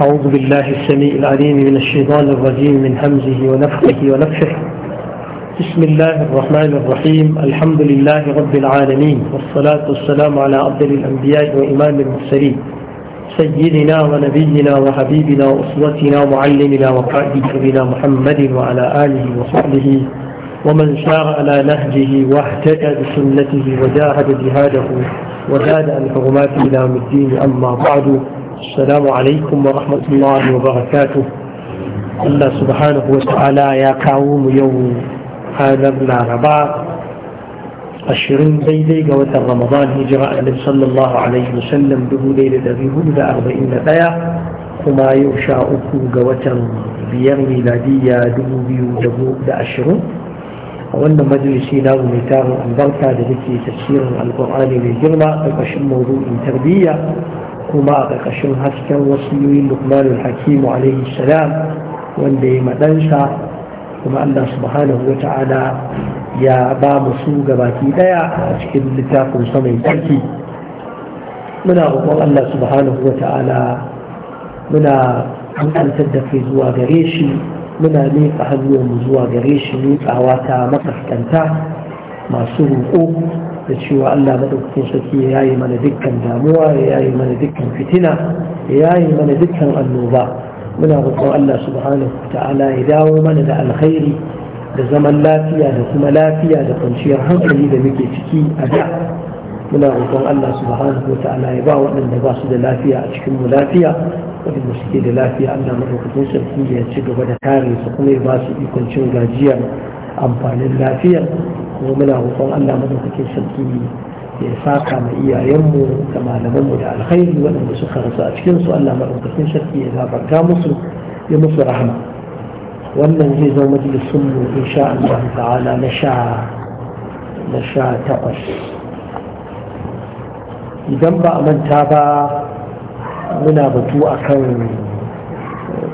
أعوذ بالله السميع العليم من الشيطان الرجيم من همزه ونفخه ونفخه بسم الله الرحمن الرحيم الحمد لله رب العالمين والصلاة والسلام على عبد الأنبياء وإمام المرسلين سيدنا ونبينا وحبيبنا وأسوتنا ومعلمنا وقائدنا محمد وعلى آله وصحبه ومن سار على نهجه واهتدى بسنته وجاهد جهاده وزاد عن حرمات إلى الدين أما بعد Assalamu alaikum wa rahmatullahi wa barakatu. Allah subhanahu wa ta'ala ya kawo mu yau hanar laraba ashirin daidai ga watan Ramadan hijira alif sallallahu alaihi wasallam dubu daidai da ɗaya kuma yau sha uku ga watan biyar miladiyya dubu biyu da ashirin. a wannan majalisi na mu mai tarin albarka da nake tafsirin alkur'ani mai girma a ƙashin mawuzin tarbiyya kuma a ƙarƙashin hasken wasu wasiyoyin lukmanul hakimu alaihi salam wanda ya maɗansa kuma allah subhanahu wa ta'ala ya ba mu su gabaki ɗaya a cikin littafin mai sarki muna roƙon allah subhanahu wa ta'ala muna hankantar da kai zuwa gare shi muna miƙa hannuwanmu zuwa gare shi miƙawa ta maƙaskanta masu roƙo da cewa Allah madaukakin sarki ya yi mana dukkan damuwa ya yi mana dukkan fitina ya yi mana dukkan annoba muna roƙon Allah subhanahu ta'ala ya dawo mana da alkhairi da zaman lafiya da kuma lafiya da kwanciyar hankali da muke ciki a da muna roƙon Allah subhanahu ta'ala ya ba waɗanda ba su da lafiya a cikin mu lafiya waɗanda suke da lafiya Allah madaukakin sarki ya ci gaba da kare su kuma ya ba su ikon cin gajiya amfanin lafiyar kuma muna roƙon Allah madaukakin sarki ya saka ma iyayenmu da mu da alkhairi waɗanda suka rasu a cikin su Allah madaukakin sarki ya zabarta musu ya musu rahama wannan zai zama majalisun mu insha Allah ta'ala na sha na sha takwas idan ba a manta ba muna batu akan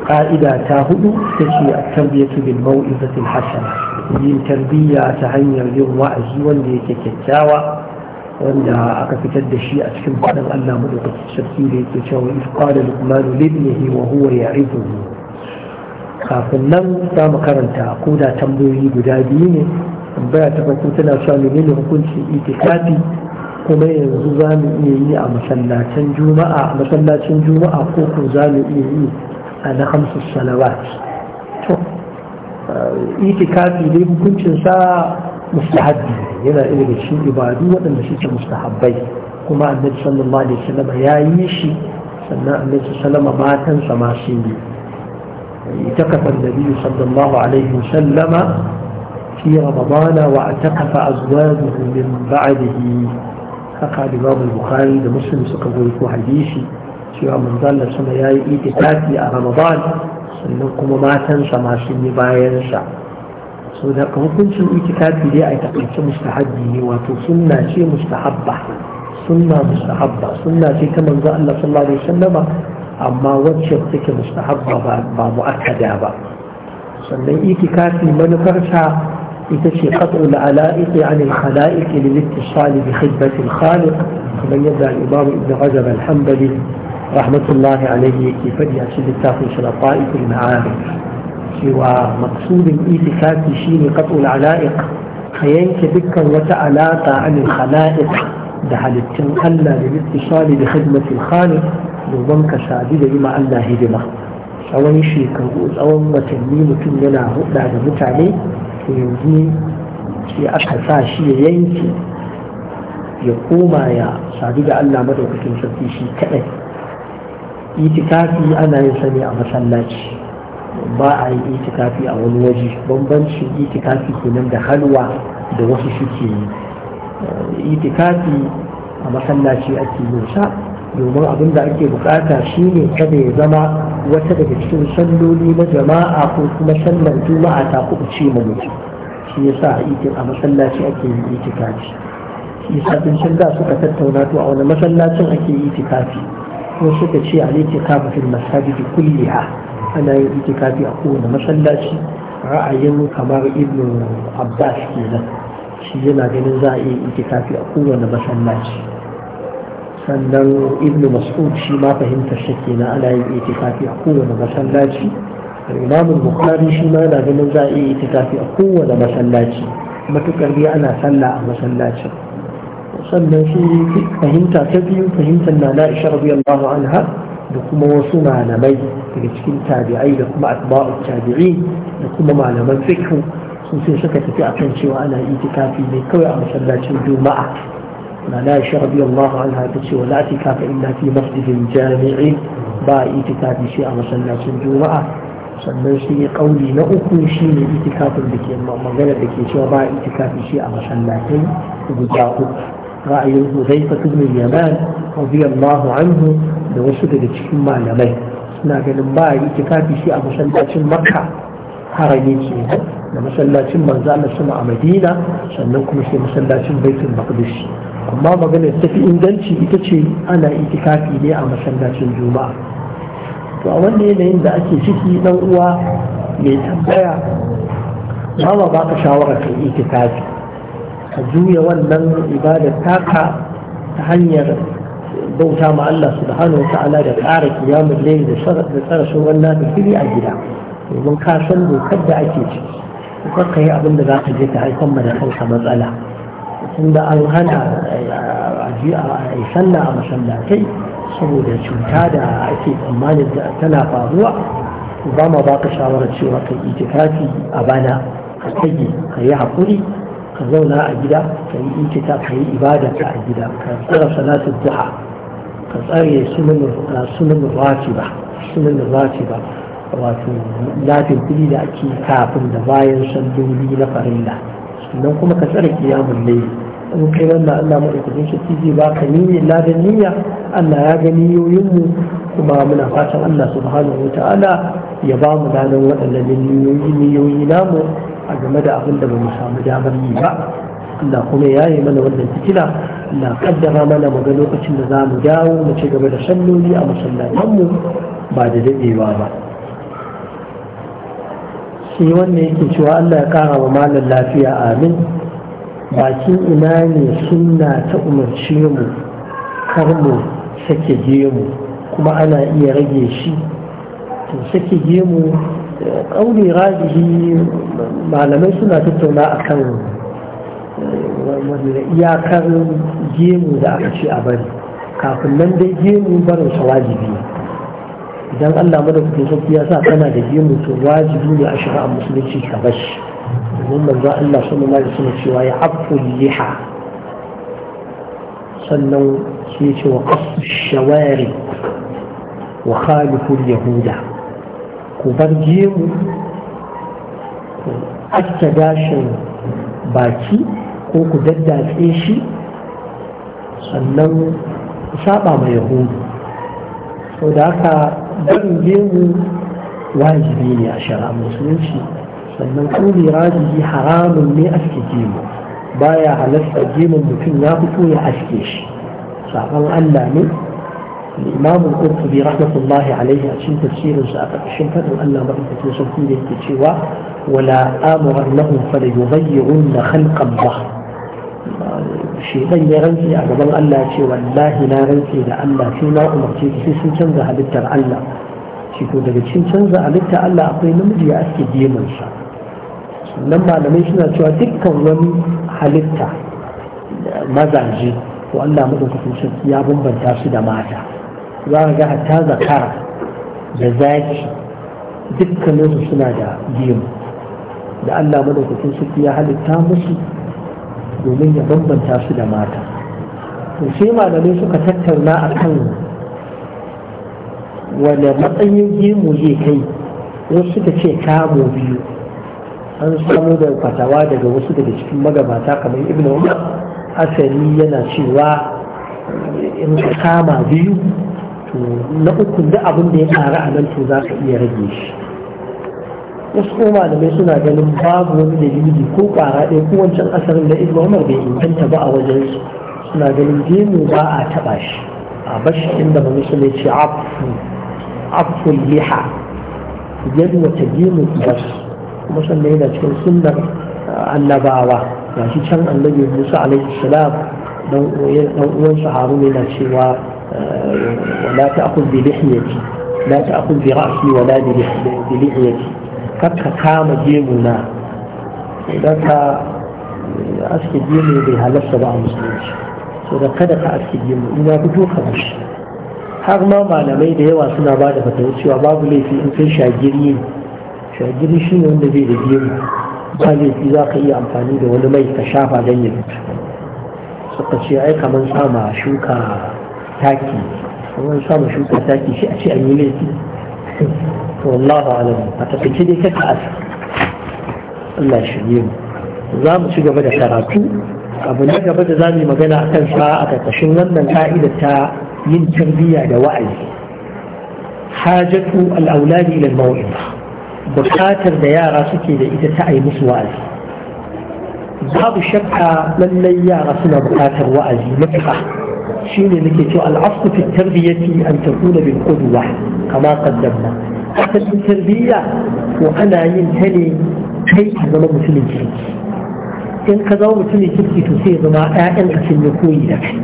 ka'ida ta hudu ta ce a bil mau'izatil hasana yin tarbiyya ta hanyar yin wa'azi wanda yake kyakkyawa wanda aka fitar da shi a cikin faɗin Allah madaukaki sarki da yake cewa if qala luqman li wa huwa kafin nan za mu karanta ko da tambayoyi guda biyu ne tambaya ta farko tana cewa menene hukuncin itikafi kuma yanzu za mu iya yi a masallacin juma'a masallacin juma'a ko ku za mu iya yi a na hamsu salawat itikafi dai hukuncinsa mustahabbi yana ɗaya da shi ibadu waɗanda suke mustahabbai kuma annabi sallallahu alaihi wasallam ya yi shi sannan annabi sallama matansa ma sun yi اعتكف النبي صلى الله عليه وسلم في رمضان واعتكف أزواجه min بعده haka limamu bukhari da muslim suka goyi ko hadisi cewa manzon Allah sama yayi itikafi a Ramadan sannan kuma matansa masu yi bayansa so da hukuncin itikafi dai a takaice mustahabbi ne wato sunna ce mustahabba sunna mustahabba sunna ce ta manzo Allah sallallahu alaihi wasallam amma wacce take mustahabba ba ba muakkada ba sannan itikafi manufarsa ita ce qat'u al-ala'iq 'an al-khala'iq lil-ittisal bi khidmati al-khaliq kamar yadda al-imam ibn Rajab al-Hanbali rahmatullahi alaihi yake faɗi a cikin littafin shi lafa'ikul ma'ani cewa maksudin itikafi shine qat'ul ala'iq ka yanke dukkan wata alaƙa anil khala'iq da halittun Allah da ittisali da khidmatil khaliq domin ka sadi da yi ma Allah hidima tsawon shekaru tsawon watanni mutum yana huɗa da mutane to yanzu sai aka sa shi ya yanke ya koma ya sadu da Allah madaukakin sarki shi kaɗai itikafi ana yin sani a masallaci ba a yi itikafi a wani waje bambanci itikafi kenan da halwa da wasu suke yi eh, itikafi a masallaci ake yin sa domin abin da ake bukata shine kada ya zama wata daga cikin salloli na jama'a ko kuma sallar juma'a ta kuɓu ce ma mutum shi sa a masallaci ake yin itikafi shi yasa sun da suka tattauna to a wani masallacin ake itikafi wasu suka ce a lake kafa fil masajidi kulliha ana yin itikafi a kowane masallaci ra'ayin kamar ibnu abbas kenan shi yana ganin za a yi itikafi a kowane masallaci sannan ibnu mas'ud shi ma fahimtar shi kenan ana yin itikafi a kowane masallaci imam bukhari shi ma yana ganin za a yi itikafi a kowane masallaci matukar dai ana sallah a masallacin وصلنا فيه فهمت تبيو فهمت أن لا رضي الله عنها لكم وصنا على مي لكم تابعي لكم أتباع التابعين لكم ما من تفكه سنسي سكت في أتنشي وأنا إتكافي لكوي أم سلا تنجو معه لا لا رضي الله عنها تنشي ولا إتكاف إلا في مسجد الجامع با إتكافي شيء أم سلا تنجو معه sannan shi ne ƙauri na uku shi ne itikafin da ke maganar da ke cewa ba itikafi shi a masallatai guda uku ra'ayin Huzaifa ibn Yaman radiyallahu anhu da wasu daga cikin malamai suna ganin ba yi itikafi shi a masallacin Makka harami ce da masallacin manzo Allah sama a Madina sannan kuma sai masallacin Baitul Maqdis amma maganar tafi inganci ita ce ana itikafi ne a masallacin Juma'a to a wanda yanayin da ake ciki dan uwa mai tambaya ba ba ka shawara kai itikafi ka juya wannan ibadar taka ta hanyar bauta ma Allah subhanahu wa ta'ala da ƙara kiyamun layi da tsara sauran da fili a gida domin ka san dokar da ake ci kar ka yi abin da za ka je ka haifar ma da kanka matsala tunda an hana eh, a sallah a masallatai saboda cuta da ake tsammanin da tana faruwa ba ma ba ka shawarar cewa ka yi a bana ka tage ka yi haƙuri ka zauna a gida ka yi ikita ka yi ibada ka a gida ka tsara salatu duha ka tsare sunan rafi ba sunan rafi ba wato lafin kuli da ake kafin da bayan salloli na farilla sannan kuma ka tsare kiyamun layi in kai wannan Allah maɗaukakin sarki ba baka niyyar ladan niyya Allah ya gani yoyinmu kuma muna fatan Allah subhanahu wa ta'ala ya ba mu ladan waɗannan niyoyi namu a game da abin da ba mu samu damar yi ba Allah kuma ya yi mana wannan fitila na kaddara mana mu ga lokacin da za mu dawo mu ci gaba da salloli a mu ba da daɗewa ba shi wannan yake cewa Allah ya kara wa malam lafiya amin bakin ina ne sunna ta umarci mu kar mu sake gemu kuma ana iya rage shi to sake gemu ƙauni rajihi malamai suna tattauna a kan wanda iyakar gemu da aka ce a bari kafin nan dai gemu barin sa wajibi idan allah madaukakin sarki ya sa kana da gemu to wajibi ne a shiga a musulunci ka bashi domin manzo allah sallallahu alaihi wasallam cewa ya afu liha sannan sai ce wa qasu shawari wa khalifu yahuda ku bar gemu ku aske gashin baki ko ku daddatse shi sannan ku saba mai yahudu sau da haka barin gemu wajibi ne a shara musulunci sannan kuri rajiyi haramun ne aske gemu baya halarta gemun mutum ya fito ya aske shi sabon allah ne الإمام القرطبي رحمة الله عليه أشين تفسير سأقشن فتو أن ما تتوسطين سوى ولا آمرنهم فليغيرن خلق الله shekan ya rantse a gaban Allah ce wallahi na rantse da Allah sai na umarce ki sai sun canza halittar Allah shi ko daga cikin canza halittar Allah akwai namiji ya aske gemunsa sannan malamai suna cewa dukkan wani halitta mazaje ko Allah madaukakin sarki ya bambanta su da mata za ka ga hatta zakara da zaki dukkaninsu suna da gemu da Allah madaukakin suke ya halitta musu domin ya bambanta su da mata to sai malamai suka tattauna a kan matsayin gemu zai kai wasu suka ce kamo biyu an samu da fatawa daga wasu daga cikin magabata kamar ibn umar asali yana cewa in kama biyu to na uku da abin da ya ƙara a nan to za ka iya rage shi wasu ko malamai suna ganin babu wani dalili ko ƙwara ɗaya ko wancan asarin da ibn umar bai inganta ba a wajen su suna ganin gemu ba a taɓa shi a bashi inda ba musu ne ce afu liha gemu bas kuma sannan yana cikin sunnar uh, annabawa ga shi can annabi musa alaihi salam dan uwan haruna yana cewa ولا تأخذ بلحيتي لا تأخذ برأسي ولا بلحيتي كتك كام جيمنا لك أسكي جيمي بها لسه بقى مسلمش saboda kada ka aske gemu ina fito ka bashi har ma malamai da yawa suna ba da fatawar cewa babu laifi in kai shagiri ne shi ne wanda zai da gemu ba laifi za ka iya amfani da wani mai ka shafa don ya fito suka ce ai kamar sama shuka taki wani samu shuka taki shi a ce an yi laifi to wallahu alam a tafice dai kaka asa Allah shirye mu za mu ci gaba da karatu abu na gaba da za mu yi magana a kan sa a ƙarƙashin wannan ka'ida ta yin tarbiyya da wa'azi hajatu al'auladi ila mawu'ida da yara suke da ita ta ai musu wa'azi babu shakka lallai yara suna bukatar wa'azi matuƙa شيء نكي شو العصر في التربية أن تكون بالقدوة كما قدمنا أصل التربية وأنا ينتهي كي هذا مسلم كيكي إن كذا مسلم كيكي تصير مع آئن في لك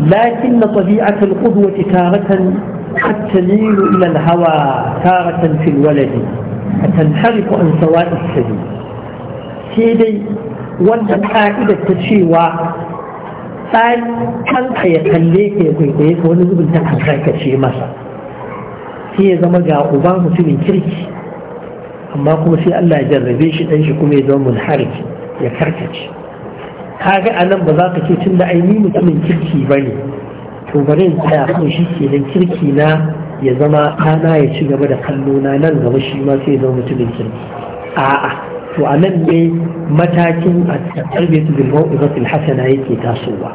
لكن طبيعة القدوة تارة قد تميل إلى الهوى تارة في الولد فتنحرف عن سواء السبيل سيدي وأن قاعدة تشيوى tsari ya kalle ka ya kwaikwaye ka wani zubin masa sai ya zama ga uba mutumin kirki amma kuma sai Allah ya jarrabe shi dan shi kuma ya zama munhariki ya karkace kaga anan ba za ka ce tunda ai ni mutumin kirki bane to bari in tsaya kan shi ke dan kirki na ya zama kana ya ci gaba da kallo na nan gaba shi ma sai ya zama mutumin kirki a'a to a nan ne matakin a tarbiyyar bil mau'izatul hasana yake tasowa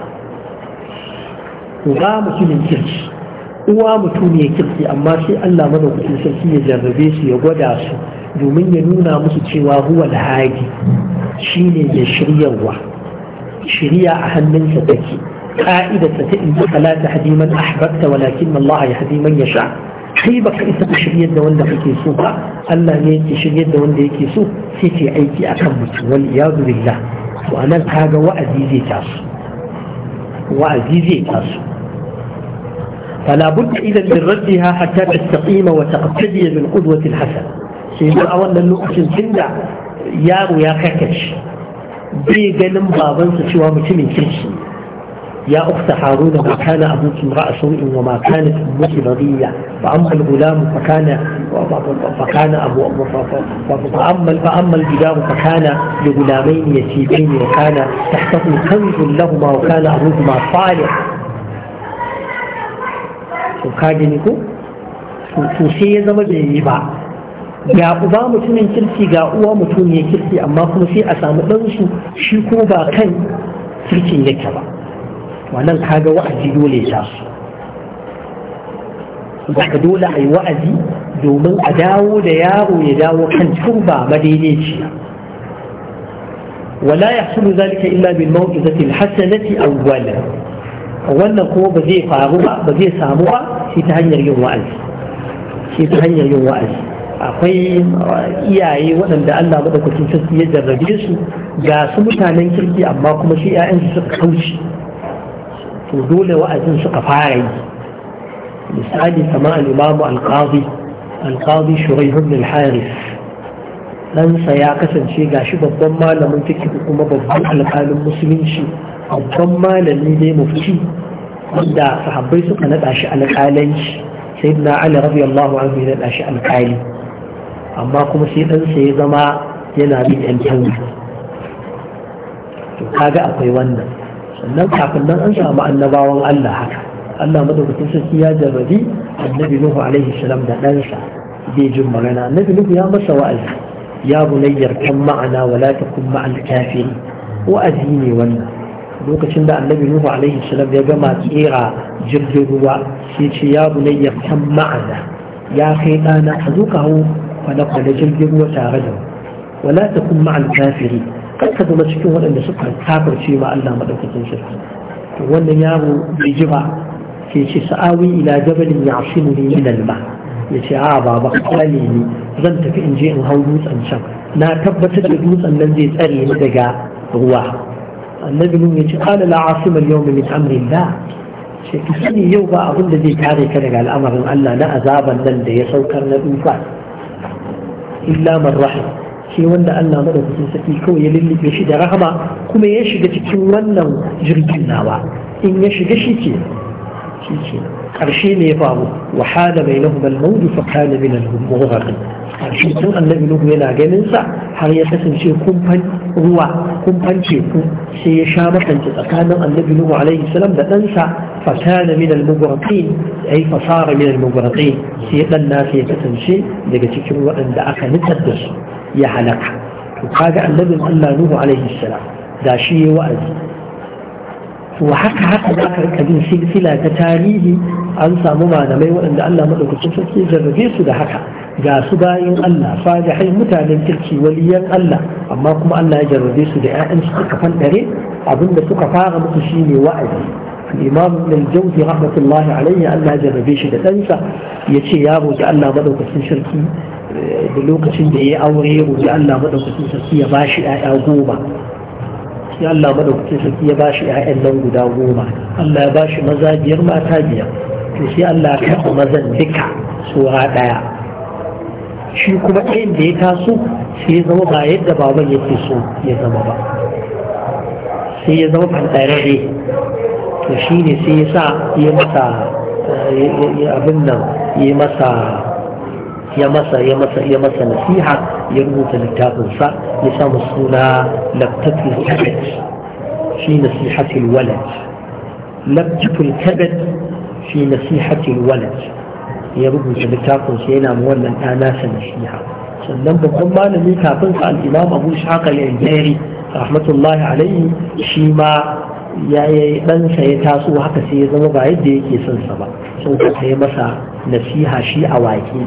uba mutumin kirki uwa mutum ya kirki amma sai Allah madaukakin sarki ya jarrabe su ya gwada su domin ya nuna musu cewa huwa alhaji shine ya shiryarwa shirya a hannunsa take ka'idarsa ta in ka la tahdi man ahbabta walakin Allah hadiman man sha. kai baka isa ka shiryar da wanda kake so ba Allah ne yake shiryar da wanda yake so sai ke aiki akan mutum wal iyadu billah to anan kaga wa'azi zai taso wa'azi zai taso فلا بد إذا من ردها حتى تستقيم وتقتدي بالقدوة الحسنة سيما wannan lokacin سنة yaro ya كاكش bai ganin babansa cewa mutumin kirki يا أخت هارون ما كان أبوك امرأ سوء وما كانت أمك بغية فأما الغلام فكان فكان أبو فأما فأما الجدار فكان لغلامين يتيمين وكان تحته كنز لهما وكان أبوهما صالح وكان يقول to sai ya zama bai yi ba ga uba mutumin kirki ga uwa mutum ya kirki amma kuma sai a samu ɗansu shi ko ba kan kirkin yake ba wannan kaga wa'azi dole ta su ka dole a yi wa'azi domin a dawo da yaro ya dawo kan turba madaidaiciya wala ya sulu zalika illa bil mau'izati al hasanati wannan kuma ba zai faru ba ba zai samu ba sai ta hanyar yin wa'azi sai ta hanyar yin wa'azi akwai iyaye waɗanda Allah madaukakin sarki ya jarrabe su ga su mutanen kirki amma kuma shi 'ya'yansu suka kauce to dole wa'azin suka fara yi misali kama alimamu imamu al-qadi al-qadi al-haris ɗansa ya kasance ga shi babban malamin fikihu kuma babban alƙalin musulunci babban malami dai mufti wanda sahabbai suka naɗa shi alƙalanci sai na ali radiyallahu anhu ya naɗa shi alƙali amma kuma sai ɗansa ya zama yana bin yan to kaga akwai wannan sannan kafin nan an samu annabawan Allah haka Allah madaukakin sarki ya jarrabi annabi Nuhu alaihi salam da ɗansa bai jin magana annabi Nuhu ya masa wa'azi ya bunayyar kan ma'ana wala takun ma'al kafiri wa'azi ne wannan lokacin da annabi Nuhu alaihi salam ya gama tsira jirgin ruwa sai ce ya bunayyar kan ma'ana ya kai ɗana a zo hau kwana jirgin ruwa tare da wala takun ma'al kafiri ka zama cikin waɗanda suka kafirce ma Allah madaukakin sarki to wannan yaro bai ji ba Ke ce sa'awi ila jabalin ya'simuni min ba. Ya yace a baba kale ne zan tafi in je in hau dutsen can na tabbatar da dutsen nan zai tsare ni daga ruwa annabi nun yace qala la asima al-yawma min amrillah ce ki sani yau ba abin da zai kare ka daga al'amarin Allah na azaban nan da ya saukar na dufa illa man rahim sai wanda Allah madaukakin sarki kawai ya lullube shi da rahama kuma ya shiga cikin wannan jirgin nawa in ya shiga shi ke shi ke karshe ne ya faru wa hada bai nahu bal maudu fa kana min al mughraqin karshe tun annabi nuhu yana ganin sa har ya kasance kumfan ruwa kumfan teku sai ya sha makance tsakanin annabi nuhu alaihi salam da ɗansa fa kana min al mughraqin ai fa sara min al mughraqin sai dan nasa ya kasance daga cikin waɗanda aka nutsar da su ya halaka to kaga annabin Allah Nuhu alaihi salam da shi ya wa'azi to haka haka za ka rika bin silsila ta tarihi an samu malamai waɗanda Allah madaukakin sarki zarrabe su da haka ga su bayan Allah salihai mutanen kirki waliyan Allah amma kuma Allah ya jarrabe su da su suka fantare abinda suka fara musu shine wa'azi imam mai jauzi rahmatullahi alaihi Allah jarrabe shi da ɗansa ya ce ya roƙi Allah maɗaukacin sarki eh, da lokacin da ya aure ya roƙi Allah maɗaukacin sarki ya bashi ƴaƴa goma sai Allah maɗaukacin sarki ya bashi ƴaƴan nan guda goma Allah ya bashi maza biyar mata biyar to sai Allah ya karɓi mazan duka tsora ɗaya shi kuma ɗayan da ya taso sai ya zama ba yadda baban yake so ya zama ba sai ya zama fantararre to shi ne sai ya sa ya masa abin nan ya masa ya masa ya masa ya masa nasiha ya rubuta littafinsa ya sa suna labtatul kabad shi nasihatul walad labtatul kabad shi nasihatul walad ya rubuta littafinsa yana mu wannan ɗana sa nasiha sannan babban malami kafin sa al-imam Abu Shaka al-Jairi rahmatullahi alaihi shi ma ya yi ɗansa ya taso haka sai ya zama ba yadda yake son sa ba sun ka yi masa nasiha shi a waƙe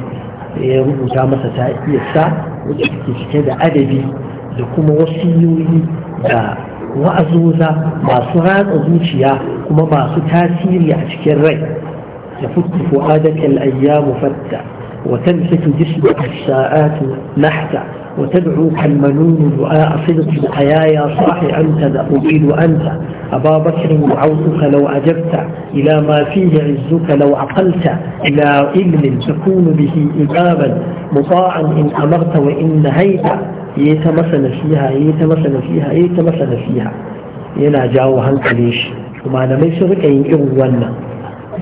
ya rubuta masa ta iya sa wacce take cike da adabi da kuma wasiyoyi da wa'azoza masu ratsa zuciya kuma masu tasiri a cikin rai ya fuku fu'adaka adakin ayyamu fatta wa tamsaku jismaka as-sa'atu nahta وتدعو كالمنون دعاء صدق الحياة يا صاحي أنت أقيل أنت أبا بكر دعوتك لو أجبت إلى ما فيه عزك لو عقلت إلى علم تكون به إبابا مطاعا إن أمرت وإن نهيت يتمثل فيها يتمثل فيها يتمثل فيها ينا جاو ليش وما لم بك أي إغوانا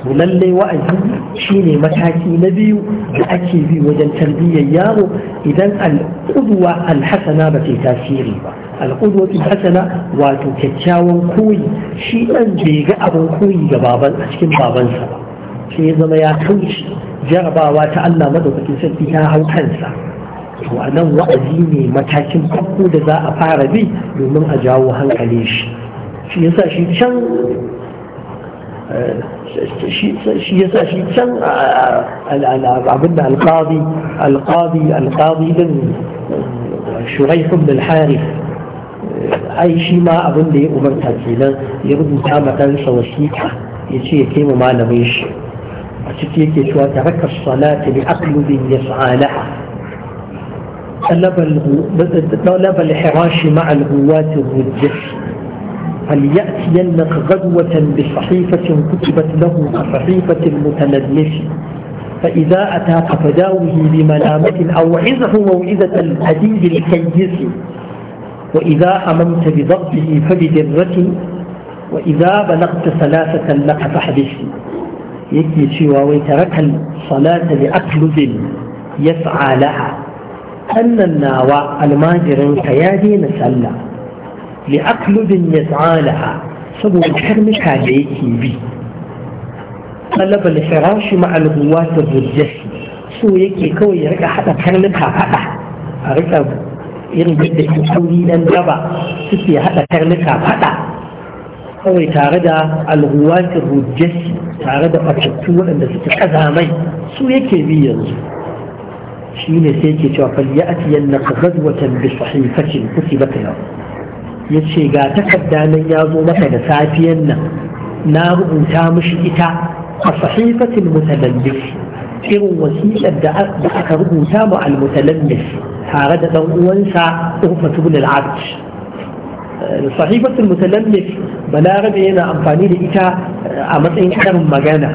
to lallai wa'azi shine mataki na biyu da ake bi wajen tarbiyyar yaro idan al'udwa alhasana ba ta tasiri ba al'udwa alhasana wato kyakkyawan koyi shi ɗan bai ga abin koyi ga baban a cikin babansa ba sai ya zama ya kauce jarabawa ta Allah madaukakin sarki ta hau kansa to a nan wa'azi ne matakin farko da za a fara bi domin a jawo hankali shi shi yasa shi can eh, شيء شيء شن القاضي القاضي القاضي بن شريح بن الحارث أي شيء ما أظن لي أمر تنسينا يبدو أن تعمل مثلا صلى الله عليه وسلم يشيء كيما ما نبيش أشيء كيما ترك الصلاة لأقلب يسعى لها طلب الحراش مع القوات الرجس فليأتينك غدوة بصحيفة كتبت له كصحيفة المتندس فإذا أتاك فداوه بملامة أو عزه موعظة الحديد الكيس وإذا أممت بضغطه فبدرة وإذا بلغت ثلاثة لك فحدث يكي سوى ويترك الصلاة لأكلب يسعى لها أن الناوى الماجر كيادين سلّى لعقل دنيا تعالها صبور الحرم حاليكي بي طلب الحراش مع الغوات الرجس سو يكي كوي يرقى حتى كرمتها حتى أرقى يرقى يقولي لنجبا سبي حتى كرمتها حتى هو يتعرض الغوات الرجس تعرض أكتوا أن تتحذى مي سو يكي بيض شين سيكي توفل يأتي أنك غزوة بصحيفة كتبت له ya ce ga takarda nan ya zo maka da safiyan nan na rubuta mishi ita a sahifatin mutalallif irin wasiƙar da aka rubuta ma al-mutalallif tare da ɗan uwansa urfatu bin al-abd eh, sahifatul mutalallif balarabe yana amfani da ita eh, a matsayin karin magana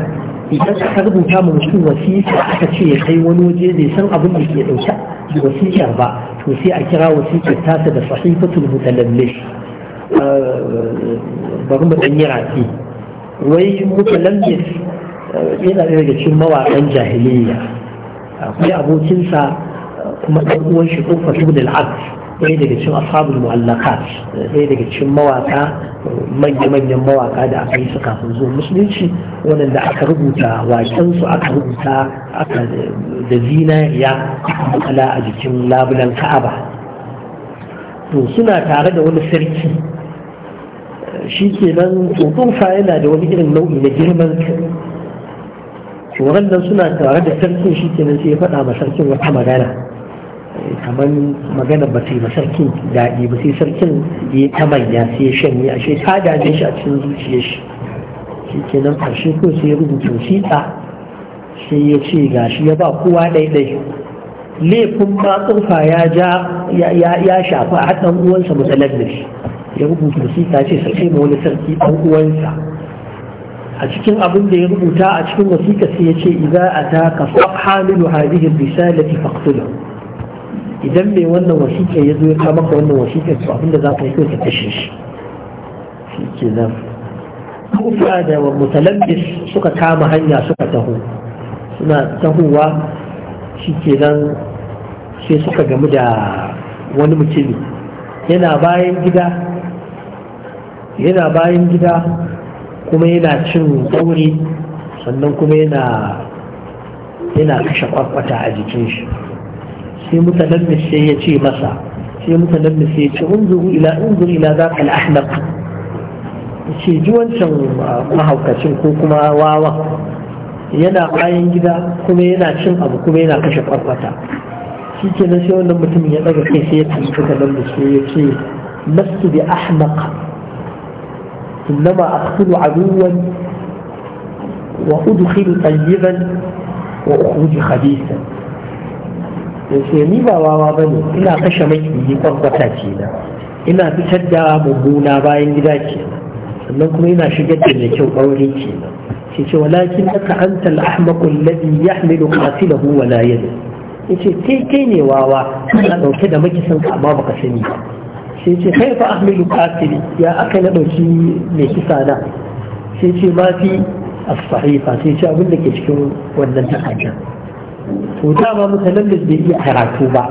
idan aka rubuta ma mutum wasiƙa aka ce ya kai wani waje bai san abin da ke ɗauke da wasiƙar ba وفي أكرا وفي كتاسة صحيفة المتلمش برغم أن وي متلمش آه، آه، إلى أن يكون مواقع جاهلية في أبو تنسى كما آه، تقول شكوفة شغل العقل ɗaya daga cikin ashabul mu'allaqat ɗaya daga cikin mawaka manya-manyan mawaka da aka yi su kafin zuwa musulunci waɗanda aka rubuta waken su aka rubuta aka da zinariya makala a jikin labulan ka'aba to suna tare da wani sarki shi ke nan tsofa yana da wani irin nau'i na girman to wannan suna tare da sarkin shi ke nan sai ya faɗa ma sarkin wata magana kamar magana ba sai ba sarkin daɗi ba sai sarkin ya ta manya sai ya shanye ashe ta dame shi a cikin zuciyar shi shi kenan karshe ko sai ya rubuta wasiƙa sai ya ce gashi ya ba kowa ɗaiɗai laifin ma tsufa ya ja ya shafi a haɗin uwansa matsalar da shi ya rubuta wasiƙa ce sarki ma wani sarki ɗan uwansa a cikin abin da ya rubuta a cikin wasiƙa sai ya ce idza ataka hamilu hadhihi risalati faqtulhu idan mai wannan wasiƙa ya zo ya kama ka wannan wasiƙa to da za ka yi ka kashe shi shi ke nan kufa da mutalambis suka kama hanya suka taho suna tahowa shi ke nan sai suka gamu da wani mutumi yana bayan gida yana bayan gida kuma yana cin tsauri sannan kuma yana yana kashe kwakwata a jikin shi sai mutanen sai ya ce masa sai mutanen sai ya ce unzuru ila unzuru ila zaka al-ahnaq ce ji wancan mahaukacin ko kuma wawa yana bayan gida kuma yana cin abu kuma yana kashe kwarkwata shi ke sai wannan mutumin ya daga kai sai ya tafi da nan sai ya ce lastu bi ahmaq innama aqtulu aduwan wa udkhilu tayyiban wa ukhruju khabithan ya ce ni ba wawa ba ne ina kashe makiyi kwankwata ce na ina fitar da mummuna bayan gida ke sannan kuma ina shigar da mai kyau aure ce na. ce ce walakin daga an tal'ahmakon ladi ya hamilu kasilahu wala yadda ya ce ne wawa ina ɗauke da makisan ka amma baka sani ba sai ce kai fa ahmilu kasiri ya aka na ɗauki mai kisa na sai ce ma fi as sai ce abin da ke cikin wannan takardar to dama mutalallin bai iya karatu ba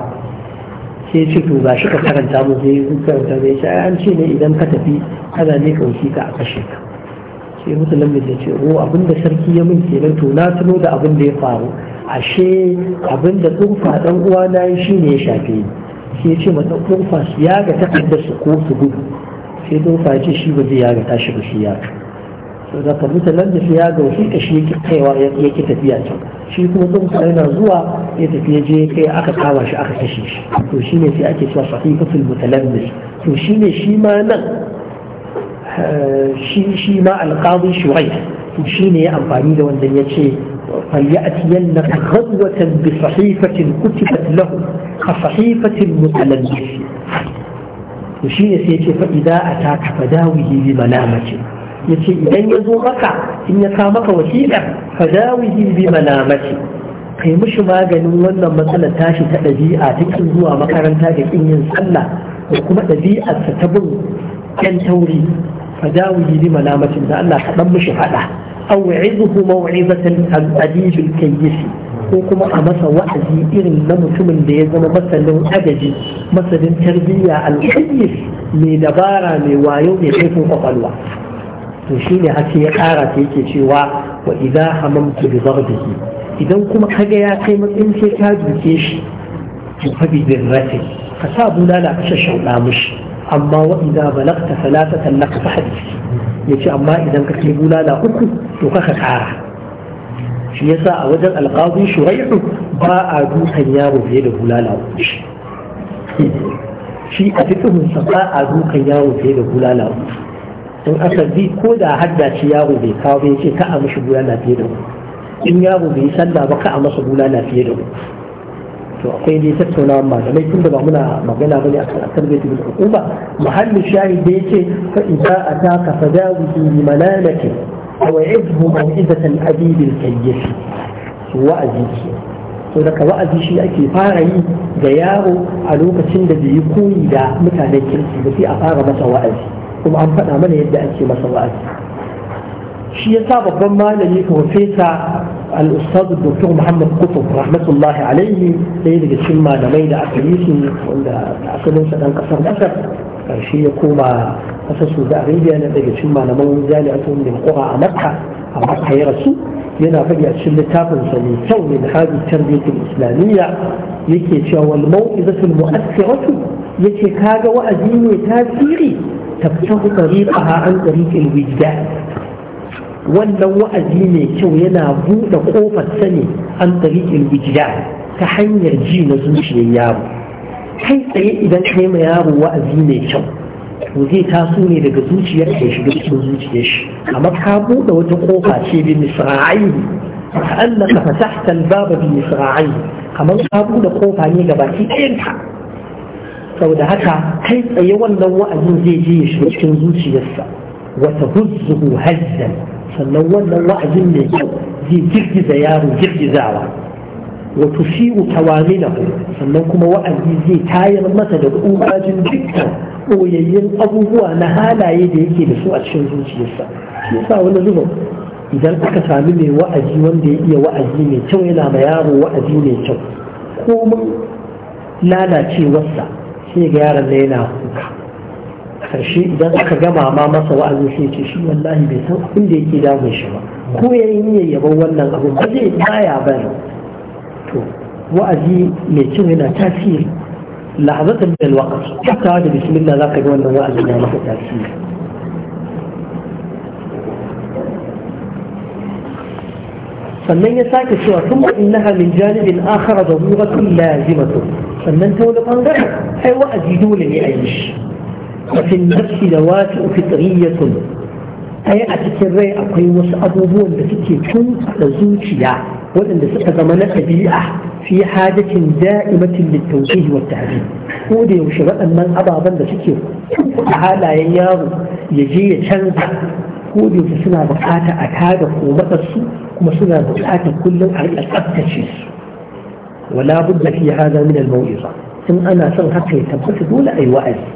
sai ce to ba shi ka karanta mu sai karanta sai shi an ce ne idan ka tafi ana ne ka wuce ka a kashe ka sai mutalallin oh, da ce o abinda sarki ya min kenan to na tuno da abin da ya faru ashe abin da tsufa dan uwa na yi shine ya shafe ni sai ce mata tsufa ya ga takardar su ko su gudu sai tsufa ya ce shi ba zai ya ga tashi ba shi ya to da ka mutanen da ya ga wasu kashi yake kaiwa yake tafiya can shi kuma tsuntsa yana zuwa ya tafi ya je kai aka kama shi aka kashe shi to shine sai ake cewa sahifatul mutalammis to ne shi ma nan shi shi ma alqadi shurai to ne ya amfani da wannan yace فليأتينك غدوة بصحيفة كتبت له كصحيفة المتلمس وشيء سيتي فإذا أتاك فداوه بملامته ya ce idan ya zo maka in ya kawo maka wasiƙar ka bi mace. kai mishi maganin wannan matsalar tashi ta ɗabi'a ta kin zuwa makaranta da kin yin sallah da kuma ɗabi'arsa ta bin ƴan tauri fa bi mace da Allah ka ɗan mishi faɗa aw wa'idhu maw'izatan al-adib al ko kuma a masa wa'azi irin na mutumin da ya zama masanin agaji masanin tarbiyya al-kayyis mai dabara mai wayo mai kaifin kwakwalwa to ne hace ya ƙara ta yake cewa wa idza hamamtu bi darbihi idan kuma kaga ya kai matsayin sai ka duke shi to fa bi dirrati ka sa bulala ka shauɗa mishi amma wa idza balagta salatatan laka fahdith yace amma idan ka kai bulala uku to kaka ƙara shi yasa a wajen alƙawun shuraihu ba a dukan yaro fiye da bulala shi a fiƙihunsa ba a dukan yaro fiye da bulala in aka bi ko da haddaci yaro bai kawo bai ce ka a mishi na fiye da in yaro bai sallah ba ka a masa na fiye da to akwai dai tattaunawa malamai tun da ba muna magana bane akan tarbiyyatul bil uquba muhallin shahid da yace fa idza ataka fadawihi bi malalati aw ibhu maw'izatan adib al kayyif wa'azi ke to daga wa'azi shi ake fara yi ga yaro a lokacin da bai yi koyi da mutanen kirki ba sai a fara masa wa'azi kuma an faɗa mana yadda ake masa wa'azi shi ya sa babban malami profesa al-ustad dr muhammad kutub rahmatullahi alaihi ɗaya daga cikin malamai da aka yi su wanda asalin sa dan kasar masar karshe ya koma kasar saudi arabia na daga cikin malaman jami'atun min qura a makka a aka ya rasu yana faɗi a cikin littafin sa ne kyau min hadi tarbiyatul islamiyya yake cewa wal mau'izatul mu'assiratu yace kaga wa'azi ne tasiri tabtahu tariqaha an tariqil wijdan wannan wa'azi mai kyau yana buɗe kofar sani an tariqil wijdan ta hanyar ji na zuciyar yaro kai tsaye idan kai ma yaro wa'azi mai kyau to zai taso ne daga zuciyar ya shiga cikin zuciyar shi kamar ka buɗe wata kofa ce bi misra'ai ta'allaka fatahta al-baba bi misra'ai kamar ka buɗe kofa ne ga baki ɗayanka saboda haka kai tsaye wannan wa'azin zai je ya shiga cikin zuciyarsa wata huzzuhu hazzan sannan wannan wa'azin mai kyau zai girgiza yaro girgizawa wa tusiru tawaminahu sannan kuma wa'azi zai tayar masa da ƙugajin dukkan ɓoyayyen abubuwa na halaye da yake da su a cikin zuciyarsa shi yasa wani zuba idan aka sami mai wa'azi wanda ya iya wa'azi mai kyau yana ma yaro wa'azi mai kyau komin lalacewarsa sai ga yaron na yana kuka karshe idan aka gama ma masa wa'azi sai ce shi wallahi bai san abin da yake damun shi ba ko ya yi yabon wannan abin ba zai baya ba to wa'azi mai kyau yana tasiri لحظة من الوقت حتى هذا بسم الله لا تقول أنه واحد من الوقت تأثير فمن يساك السوء ثم إنها من جانب آخر ضرورة لازمة فمن تقول أنه أي وأزيدون لأيش وفي النفس دوات فطرية أي أتكري أقيم وسأبوبون بسكي كنت لزوجي يعني waɗanda suka zama na ɗabi'a fi hajjacin da'imatin littausihi wa tafi ko da yaushe waɗannan ababen da suke a halayen yaro ya je ya canza ko da yaushe suna buƙata a tada komatarsu kuma suna buƙatar kullum a tsaftace su wala budda fi hada min al-mau'iza in ana son haka ya tabbata dole ai wa'azi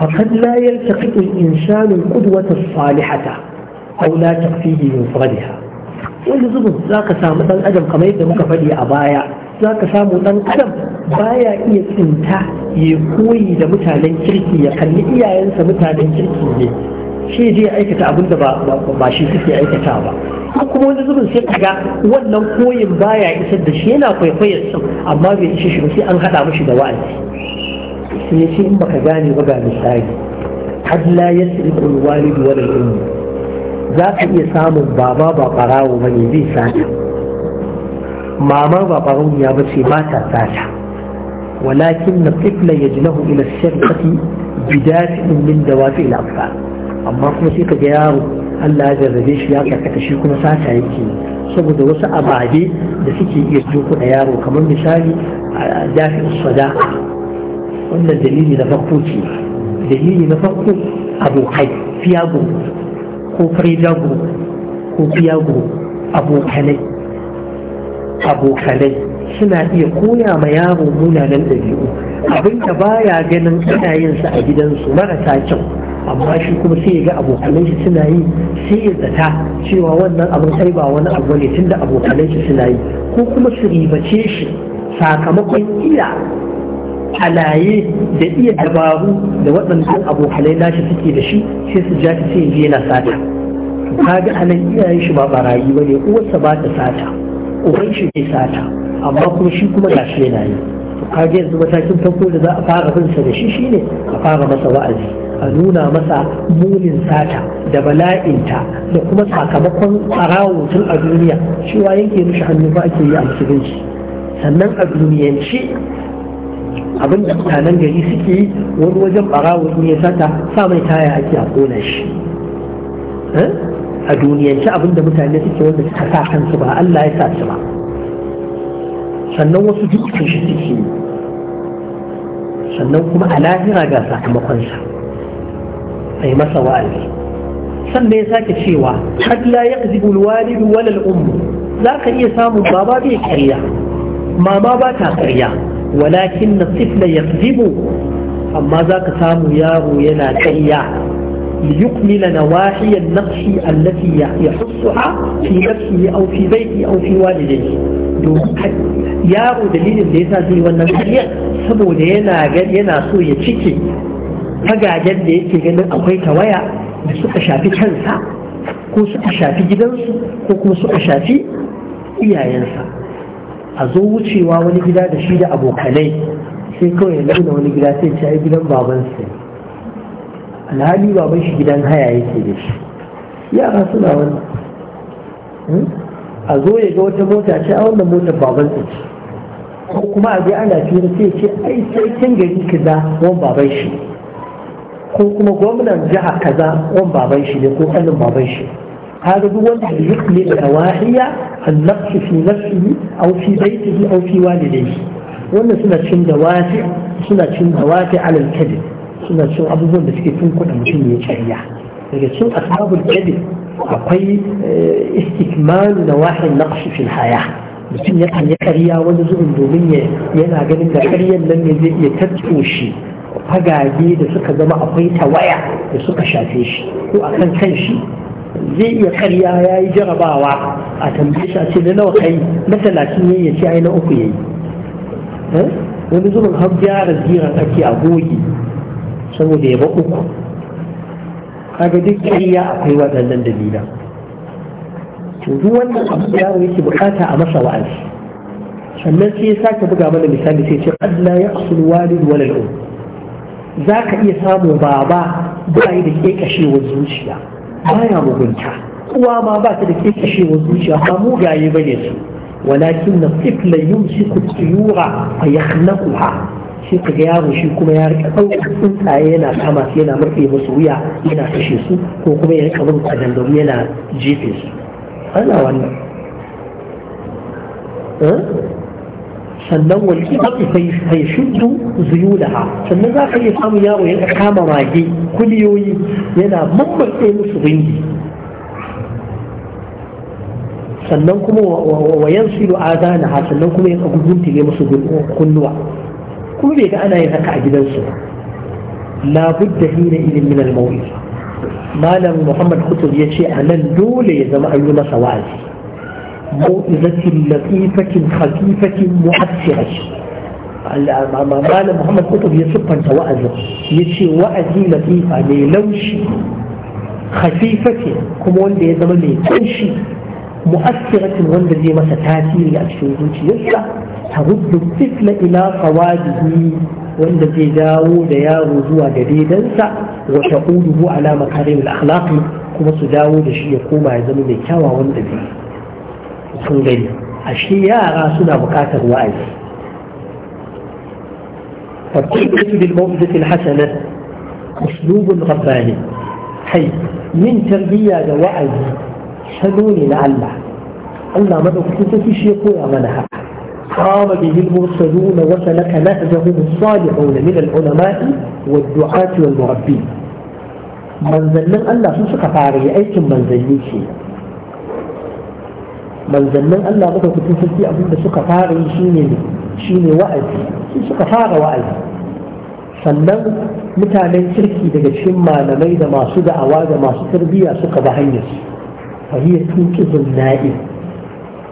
faqad la yaltaqi al-insanu al-qudwata as-salihata aw la taqfihi min fadhiha wani zubin za ka samu ɗan adam kamar yadda muka faɗi a baya za ka samu ɗan adam baya iya tsinta ya koyi da mutanen kirki ya kalli iyayensa mutanen kirki ne shi zai aikata abin da ba shi suke aikata ba ko kuma wani zubin sai ga wannan koyin baya isar da shi yana kwaikwayar sun, amma bai ishe shi sai an haɗa mashi da wa'azi sai ya ce in baka gane ba ga misali kad la yasriqu al-walid wal ummu za ka iya samun baba ba ba ne zai sata mama ba ya ba ce ba sata walakin na tifla ya ji nahu ila shirkati bidafi'in min da ila ila'afa amma kuma sai ka ga yaro Allah ya jarrabe shi ya karkata shi kuma sata yake saboda wasu ababe da suke iya joko da yaro kamar misali a jafin sadaka wannan dalili na farko ce dalili na farko abokai fiyagun ko frida group ko biya abokanai abokanai suna iya koya ma yaro munanan ɗabi'u abinda baya ganin ana yin sa a gidansu marasa kyau amma shi kuma sai ya ga abokanai shi suna yi sai ya zata cewa wannan abin sai ba wani abu ne tunda abokanai shi suna yi ko kuma su ribace shi sakamakon iya halaye da iya dabaru da waɗannan abokanai nashi suke da shi sai su ja sai je na sata kaga nan iyayen shi ba barayi bane uwarsa ba ta sata uban shi ke sata amma kuma shi kuma gashi yana yi kaga yanzu matakin farko da za a fara binsa da shi shine a fara masa wa'azi a nuna masa munin sata da bala'inta da kuma sakamakon tsarawo tun a duniya cewa yanke mishi hannu ba ake yi a musulunci sannan a duniyance abin da mutanen gari suke yi wani wajen barawo in ya sata sa mai taya ake a kona shi eh? a duniyance abin da mutane suke wanda suka sa kansu ba Allah ya sa su ba sannan wasu dukkan shi suke yi sannan kuma a lahira ga sakamakonsa a yi masa wa'azi sannan ya sake cewa had la ya alwalidu wala walal umm za ka iya samun baba bai karya mama ba ta karya walakin na tifla amma za ka samu yaro yana ƙarya liyukmila na wahiyar nafsi allafi ya hussuha fi nafsi au fi baiti au fi walidai domin yaro dalilin da ya sa zai wannan ƙaryar saboda yana so ya cike fagagen da yake ganin akwai ta waya, da suka shafi kansa ko suka shafi gidansu ko suka shafi iyayensa a zo wucewa wani gida da shi da abokanai sai kawai ya nuna wani gida sai ci gidan baban sai alhali baban shi gidan haya yake da shi yara suna wani. Hmm? a zo ya ga wata mota ce a wannan motar baban babansa ce ko kuma a ga ana fira sai ce ai sai can gari kaza wan baban shi ko kuma gwamnan jiha kaza wan baban shi ne ko kallon baban shi هذا هو الذي يقلل النواحي النقص في نفسه أو في بيته أو في والديه wannan suna cin da wafi suna cin da wafi alal kadi suna cin abubuwan da suke tun mutum ya cariya daga cin asbabul kadi akwai istikmalu na wahin naqshi haya mutum ya kan ya kariya wani zubin domin yana ganin da karyan nan ne zai iya tatto shi fagage da suka zama akwai tawaya da suka shafe shi ko akan kanshi. zai iya karya ya yi jarabawa a tambaye shi a ce na nawa kai na talatin yayi ya ce ai na uku yayi eh? wani zubin har gyara ziran ake a goge saboda ya ba uku kaga duk akwai waɗannan dalilan to duk wannan abu yaro yake bukata a masa wa'azi sannan sai ya sake buga mana misali sai ce Allah ya asul walid wal um zaka iya samu baba ba yi da kekashewar zuciya baya mugunta kuwa ma ba ta da ke wa zuciya ba mugaye ba ne su walakin na tifla yumsiku tiyura fa yakhnaquha shi ka ga yaro shi kuma ya rika ɗaukar tsuntsaye yana kama su yana murɗe musu wuya yana kashe su ko kuma ya rika bin kadangaru yana jefe su sannan wal ibaqi sai shuddu zuyulaha sannan za ka iya samu yaro ya kama mage kuliyoyi yana mammatse musu ringi sannan kuma wa yansilu ha sannan kuma ya gugunta musu kunnuwa kuma bai ga ana yin haka a gidansu ba la budda hina idin min al malam muhammad kutub ya ce a nan dole ya zama an yi masa wa'azi موئزة لطيفة خفيفة مؤثرة malam muhammad kutub ya siffanta wa'azi ya ce wa'azi latifa mai laushi khafifati kuma wanda ya zama mai kunshi mu'assiratin wanda zai masa tasiri a cikin zuciyarsa ta hudu tifla ila qawadihi wanda zai dawo da yaro zuwa da daidansa wa taquduhu ala makarimil akhlaqi kuma su dawo da shi ya koma ya zama mai kyawawan dabi'a sun gani ashe yara suna bukatar wa'azi فالتعبئة بالموعظة الحسنة أسلوب غباني حي من تربية وعي سنون لعله الله ما أكتبت شيء يقول منها قام به المرسلون وسلك نهجهم الصالحون من العلماء والدعاة والمربين من منزل الله سوسك فاري أيتم من شيء manzannin Allah maka fitin sarki abinda suka fara yi shine wa'azi shi suka fara wa'azi sannan mutanen kirki daga cikin malamai da masu da'awa da masu tarbiyya suka ba hanyar su fahiyya tuqizun na'i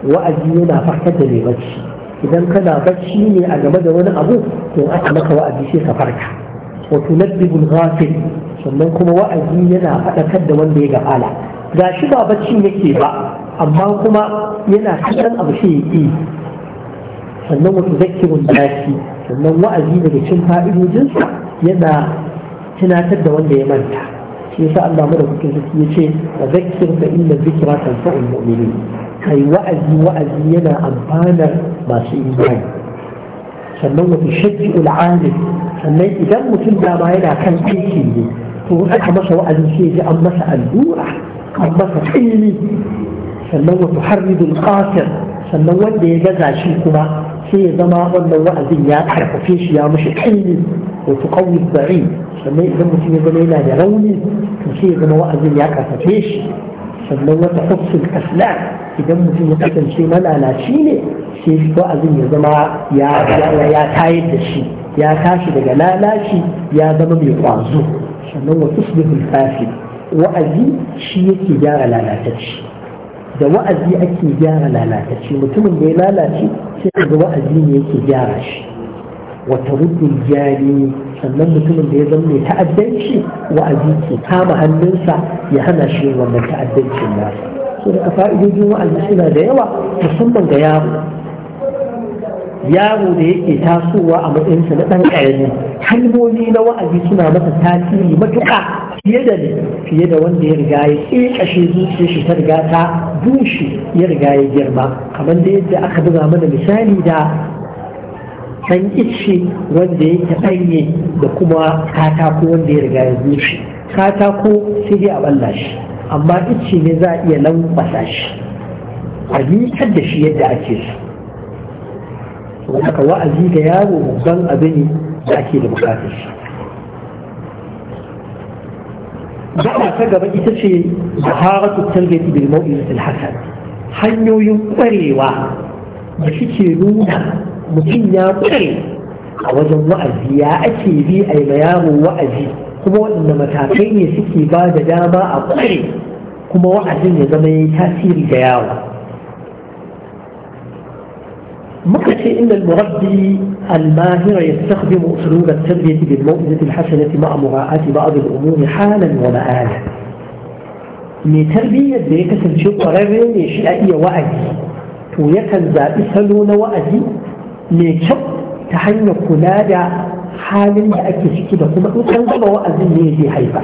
wa'azi yana farkar da mai bacci idan kana bacci ne a game da wani abu to aka maka wa'azi sai ka farka wa tunaddibul ghafil sannan kuma wa'azi yana faɗakar da wanda ya gafala ga shi ba bacci yake ba amma kuma yana kaɗan abu shi ya ƙi sannan wata zakirun dashi sannan wa'azi daga cin fa'idojinsa yana tunatar da wanda ya manta shi yasa Allah mu da kuke saki ya ce wa zakir fa inna zikra tanfa'ul mu'minin kai wa'azi wa'azi yana amfanar masu imani sannan wa tushajji'ul 'alim sannan idan mutum da yana kan aiki ne to aka masa wa'azi sai ya ji an masa allura an masa tsini sannan wa tuharridul qasir sannan wanda ya gaza shi kuma sai ya zama wannan wa'azin ya karfafe shi ya mashi kaini wa kawai da'i sannan idan mutum ya zama yana da rauni to sai ya zama wa'azin ya karfafe shi sannan wata hussul kaslan idan mutum ya kasance malalaci ne sai wa'azin ya zama ya tayar da shi ya tashi daga lalaci ya zama mai kwazo sannan wata tusbihul fasid wa'azi shi yake gyara lalatacci da wa'azi ake gyara lalatacce mutumin da ya lalace sai ga wa'azi ne yake gyara shi wata rukun jari sannan mutumin da ya zama mai ta'addanci wa'azi ke kama hannunsa ya hana shi wannan ta'addancin nasa so da fa'idojin wa'azi suna da yawa musamman ga yaro yaro da yake tasowa a matsayinsa na ɗan ƙarami kalmomi na wa'azi suna masa tasiri matuƙa fiye da fiye da wanda ya riga ya kashe zuciya shi ta riga ta bushe ya riga ya girma kamar da yadda aka buga mana misali da kan ice wanda ya ɗanye da kuma katako wanda ya riga ya bushe katako sai dai a balla shi amma icce ne za a iya lankwasa shi a mitar da shi yadda ake so ka wa'azi da yaro babban abin ne da ake da bukatar shi gaba ta gaba ita ce zaharatu tarbiyati bil mau'izati al hasan hanyoyin kwarewa da suke nuna mutum ya kware a wajen wa'azi ya ake bi a yi yaro wa'azi kuma waɗanda matakai ne suke ba da dama a kware kuma wa'azin ya zama ya tasiri da yaro. يأتي إن المربي الماهر يستخدم أسلوب التربية بالموئدة الحسنة مع مراعاة بعض الأمور حالا ومآلا من تربية ذلك تنشيط قرارين يشيئي وأدي ويكن ذا إسلون وأدي من شب تحن كلاد حال يأكس كده كما أتنظم وأدي من ذي حيبا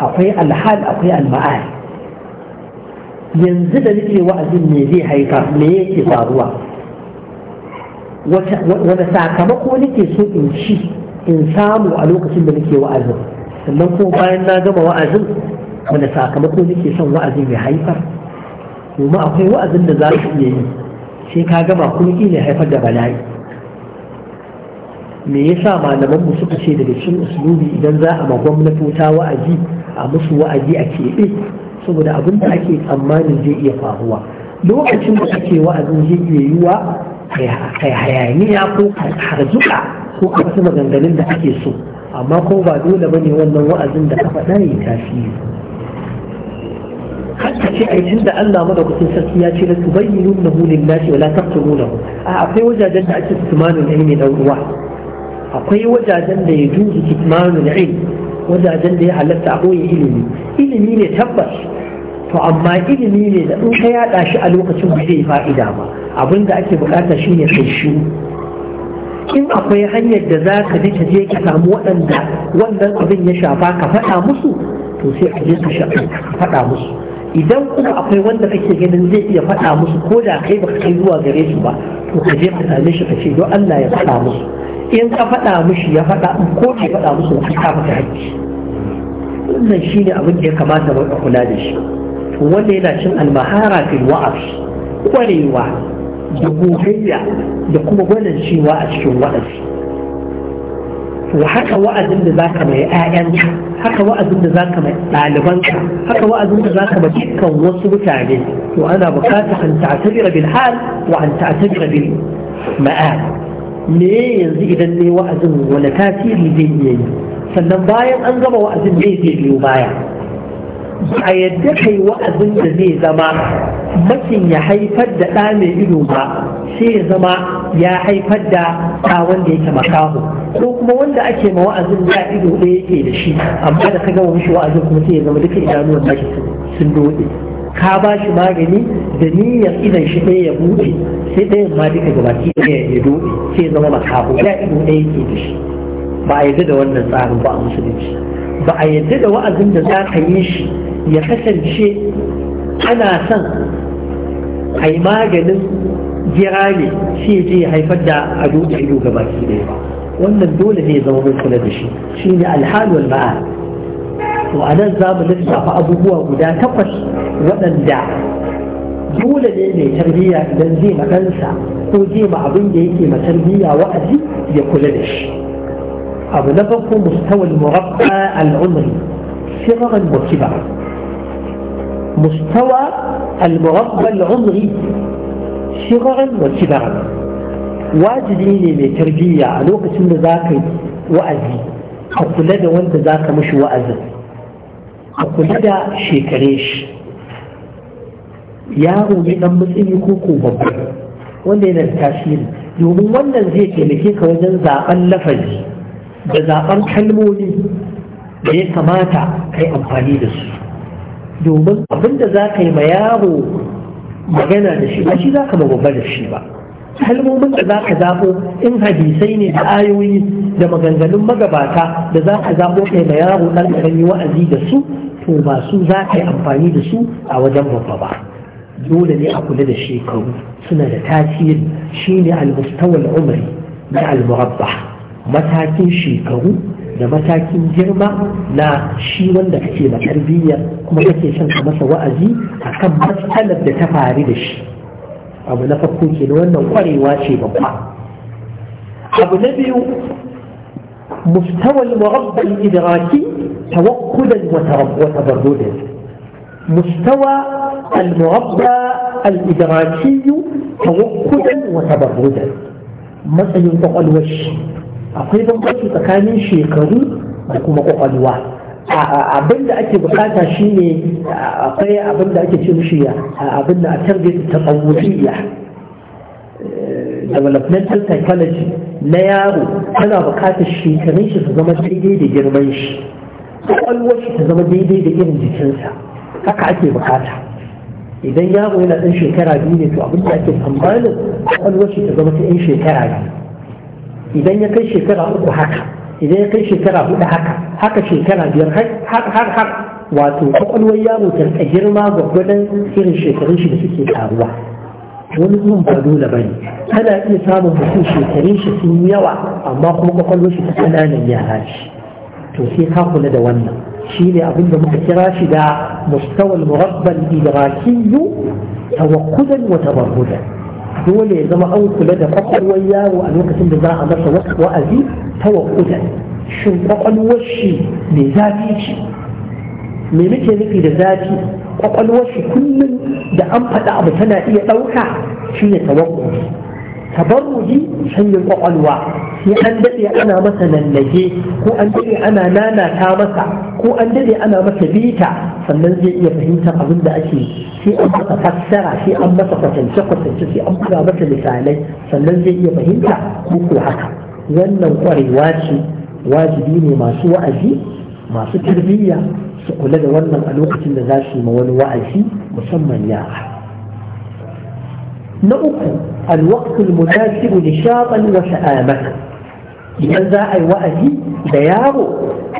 أقوي الحال أقوي المآل ينزل لك وأدي من ذي حيبا من يكي wani sakamako nake so in ci in samu a lokacin da nake wa'azin sannan ko bayan na gama wa'azin wani sakamako nake son wa'azin ya haifar Kuma akwai wa'azin da za su iya yi sai ka gama kuma kila haifar da bala'i me yasa malaman mu suka ce daga cikin usulubi idan za a ma gwamnatota wa'azi a musu wa'azi a keɓe saboda abin da ake tsammanin zai iya faruwa lokacin da ake wa'azin zai iya yiwa kai hayaniya ko harzuka ko a wasu maganganun da ake so amma ko ba dole ba ne wannan wa'azin da ka faɗa yi tasiri hatta ce ai tunda Allah madaukakin sarki ya ce na nuna la tubayyinunahu lin-nasi wa la taqtulunahu a akwai wajajen da ake kitmanul ilmi dan uwa akwai wajajen da ya juzu kitmanul ilmi wajajen da ya halatta a ilimi ilimi ne tabbas to amma ilimi ne da in ka yada shi a lokacin ba zai fa'ida ba abin da ake bukata shi ne kai shi in akwai hanyar da za ka ka je ka samu waɗanda wannan abin ya shafa ka faɗa musu to sai ka je ka faɗa musu idan kuma akwai wanda kake ganin zai iya faɗa musu ko da kai baka kai zuwa gare su ba to ka je ka same shi ka ce don Allah ya faɗa musu in ka faɗa mushi ya faɗa ko bai faɗa musu ka kafa hakki wannan shine abin da ya kamata mu kula da shi وليلاتهم المهارة في الوعظ وليوا جبوهية يقوم بلن شي وعظ في الوعظ وحكى وعظ من ذاك ما يآيانك حكى وعظ من ذاك ما يعلمانك حكى وعظ من ذاك ما جدك ونصب تعليم وأنا بكاتك أن تعتبر بالحال وأن تعتبر بالمآل ليه إذا لي وعظ ولا تاتي لديني سنبايا أنظر وعظ من ذاك ما يبايا a yadda kai wa'azin da zai zama makin ya haifar da ɗa mai ido ba sai ya zama ya haifar da ɗa wanda yake makaho ko kuma wanda ake ma wa'azin da ido ɗaya yake da shi amma da ka gama mishi wa'azin kuma sai ya zama duka idanuwan mashi sun dode ka ba shi magani da niyyar idan shi ɗaya ya buɗe sai ɗayan ma duka gabaki ɗaya ya dode sai ya zama makaho ya ido ɗaya yake da shi ba a yarda da wannan tsarin ba a musulunci ba a yadda da wa'azin da za ka yi shi ya kasance ana son a yi maganin gira ne shi je ya haifar da a da ido ga baki ba wannan dole ne zama mun kula da shi shi ne alhalul ba'a, to a nan za mu lissafa abubuwa guda takwas waɗanda dole ne mai tarbiyya idan zai ma ɗansa ko zai ma abin da yake ma tarbiyya wa'azi ya kula da shi أبلغه مستوى المربع العمري صغرا وكبرا مستوى المربع العمري صغرا وكبرا واجد من تربية لوقت من ذاك وأزي أقول لدى وانت ذاك مش وأزي أقول لدى شيكريش يا ne dan matsayi كوكو ko babba wanda yana da tasiri domin wannan zai taimake da zaɓen kalmomi da ya kamata ka yi amfani da su domin da za ka yi ma yaro magana da shi ba shi za ka magwaba da shi ba kalmomin da za ka zaɓo in hadisai ne da ayoyi da maganganun magabata da za ka zaɓo kai ma yaro ɗan ƙarami wa'azi da su to ba su za ka yi amfani da su a wajen babba ba dole ne a kula da shekaru suna da tasiri shine al-mustawal umri da al-murabba matakin shekaru da matakin girma na shi wanda kake ma tarbiyya kuma kake son ka masa wa'azi akan matsalar da ta faru da shi abu na farko ke wannan kwarewa ce babba abu na biyu mustawal murabbal idraki tawakkudan murabba al idraki الإدراكي wa tabarrudan matsayin kwakwalwar shi akwai bambanci tsakanin shekaru da kuma kwakwalwa abin da ake bukata shine akwai abin da ake ce mishi abin da a tarbiyyar ta tsawuriya eh, developmental psychology na yaro tana bukatar shekarun shi su zama daidai da girman shi kwakwalwar shi ta zama daidai da irin jikinsa haka ake bukata idan yaro yana ɗan shekara biyu ne to abin da ake tsammanin kwakwalwar shi ta zama ta 'yan shekara biyu idan ya kai shekara uku haka idan ya kai shekara hudu haka haka shekara biyar har har har wato kwakwalwar yaro ta rika girma gwaggwadon irin shekarun shi da suke karuwa wani zuwan ba dole bane ana iya samun mutum shekarun shi sun yawa amma kuma kwakwalwar shi ta ƙananan yara shi to sai ka kula da wannan shi ne abin da muka kira shi da mustawal murabbal idrakiyu tawakkulan wa tabarrudan dole ya zama an kula da kwakwalwar yaro a lokacin da za a masa wa'azi ta wakuta shin kwakwalwar shi mai zafi ce me muke nufi da zafi kwakwalwar shi kullum da an faɗa abu tana iya ɗauka shi ne tawakkufi tabarruji sanyin kwakwalwa sai an daɗe ana masa lallage ko an daɗe ana nanata masa ko an daɗe ana masa bita sannan zai iya fahimtar abin da ake sai an masa fassara sai an masa kwatance kwatance sai an buga masa misalai sannan zai iya fahimta ko ko haka wannan kwarewa ce wajibi ne masu wa'azi masu tarbiyya su kula da wannan a lokacin da za su yi ma wani wa'azi musamman yara Na uku نأكو الوقت المناسب نشاطا وسآمة idan za a yi wa'azi da yaro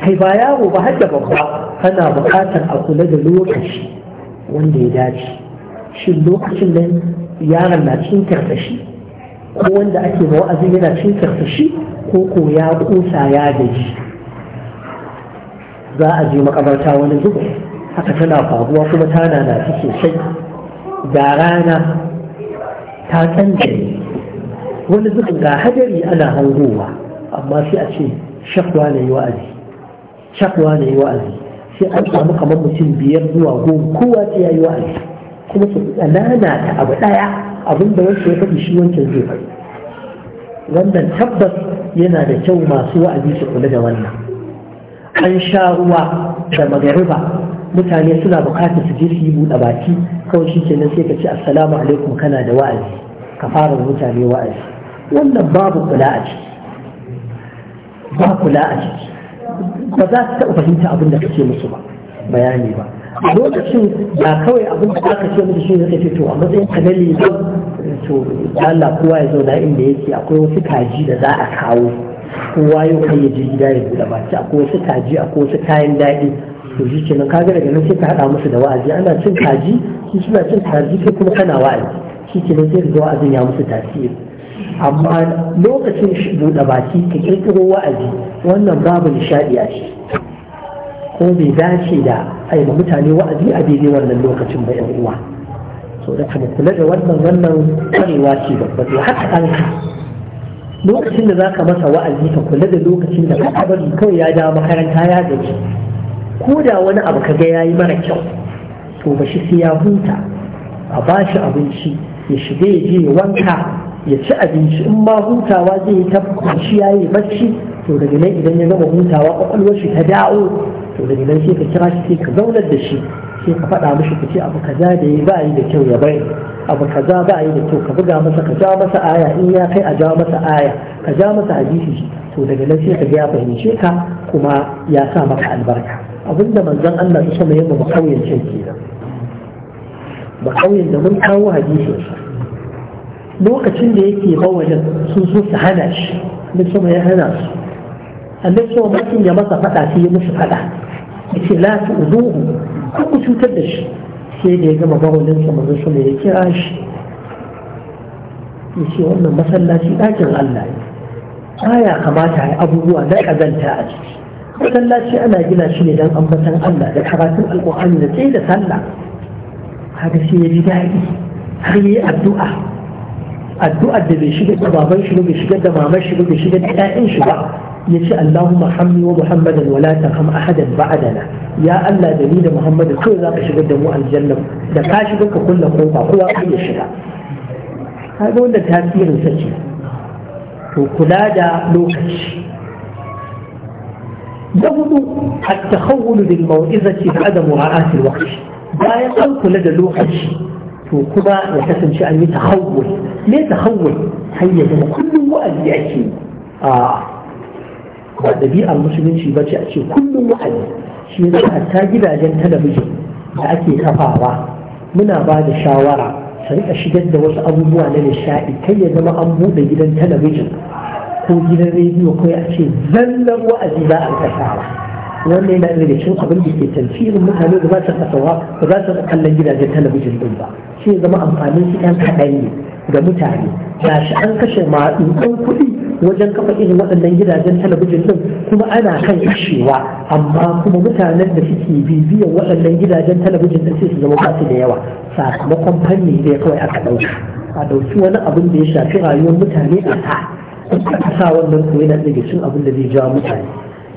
kai ba yaro ba har da babba kana buƙatar a kula da lokaci wanda ya dace shin lokacin nan yaron na cin karsashi ko wanda ake ba wa'azi yana cin karsashi ko ko ya kusa ya gaji za a je makabarta wani zuba haka tana faruwa kuma tana na sosai da rana ta tsanke wani zubin ga hadari ana hangowa amma sai a ce shakwa na yi wa'azi shakwa na yi wa'azi sai an samu kamar mutum biyar zuwa goma kowa sai ya yi wa'azi kuma su tsanana ta abu ɗaya abin da wancan ya faɗi shi wancan zai faɗi wannan tabbas yana da kyau masu wa'azi su kula da wannan an sha ruwa da magariba mutane suna bukatar su je su yi buɗe baki kawai shi kenan sai ka ce assalamu alaikum kana da wa'azi ka fara mutane wa'azi wannan babu kula a ciki ba kula a ciki ba za su taɓa fahimta abin da kake musu ba bayani ba a lokacin ba kawai abin da aka ce musu shine kake to a matsayin ka na liman to Allah kowa ya zauna inda yake akwai wasu kaji da za a kawo kowa yau kai ya je gida ya buɗe baki akwai wasu kaji akwai wasu kayan daɗi to shi kenan kaga daga nan sai ka hada musu da wa'azi ana cin kaji shi suna cin kaji sai kuma kana wa'azi shi kenan sai ga wa'azin ya musu tasiri amma lokacin shi buɗe baki ka kirkiro wa'azi wannan babu nishaɗi a shi ko bai dace da ai ma mutane wa'azi a daidai wannan lokacin ba yan uwa so da ka kula da wannan wannan kwarewa ce babba to haka kanka lokacin da za ka masa wa'azi ka kula da lokacin da ka bari kawai ya dawo makaranta ya gaji ko da wani abu ka ga yayi mara kyau to ba shi sai ya huta a ba shi abinci ya shiga ya je ya wanka ya ci abinci in ma hutawa zai yi ta shi ya yi bacci to daga nan idan ya gama hutawa kwakwalwar shi ta dawo to daga nan sai ka kira shi sai ka zaunar da shi sai ka faɗa mishi ka ce abu kaza da ya ba yi da kyau ya bai abu kaza ba yi da kyau ka buga masa ka ja masa aya in ya kai a ja masa aya ka ja masa hadisi to daga nan sai ka ga ya fahimce ka kuma ya sa maka albarka abinda manzon Allah ya sama yamma bakauyen ce kenan kauyen da mun kawo hadisin lokacin da yake bawalin sun zo su hana shi da sama ya hana su annabi sama mutum ya masa fada sai ya musu fada yace la tu'zuhu ku cutar da shi sai da ya gama bawalin sa manzon sama ya kira shi yace wannan masallaci ɗakin Allah ne baya kamata ya abubuwa na ƙazanta a ciki masallaci ana gina shi ne don ambatan Allah da karatun alƙur'ani da tsaye da sallah haka sai ya ji daɗi har yi addu'a addu'ar da bai shiga da baban shi bai shiga da maman shi bai shiga da ƴaƴan shi ba ya ce Allahumma hammi wa Muhammadan wala tarham ahadan ba'dana ya Allah da ni da Muhammadu kawai za ka shigar da mu aljanna da ka shiga ka kulla kofa kowa ka iya shiga kaga wanda tasirin sa ce to kula da lokaci نبض التخول للموعظة بعدم مراعاة bayan an kula da لوحة to kuma ya kasance an yi tahawul me tahawul hanyar zama kullum wa'azi ake a ba ɗabi'ar musulunci ba ce a ce kullum wa'azi shi ne hatta gidajen talabijin da ake kafawa muna ba da shawara su shigar da wasu abubuwa na nishaɗi kai ya zama an buɗe gidan talabijin ko gidan rediyo ko ya ce zallan wa'azi za a kasawa wannan yana daga cikin abin da ke tantirin mutane da za su kasawa ba za su kallon gidajen talabijin din ba shi ya zama amfanin su ɗan kaɗan ne ga mutane ga shi an kashe maɗin kuɗi wajen kafa irin waɗannan gidajen talabijin din kuma ana kan kashewa amma kuma mutanen da suke bibiyan waɗannan gidajen talabijin din sai su zama ba da yawa sakamakon fanni dai kawai aka ɗauka a ɗauki wani abin da ya shafi rayuwar mutane a ta a sa wannan ko yana daga abin da zai jawa mutane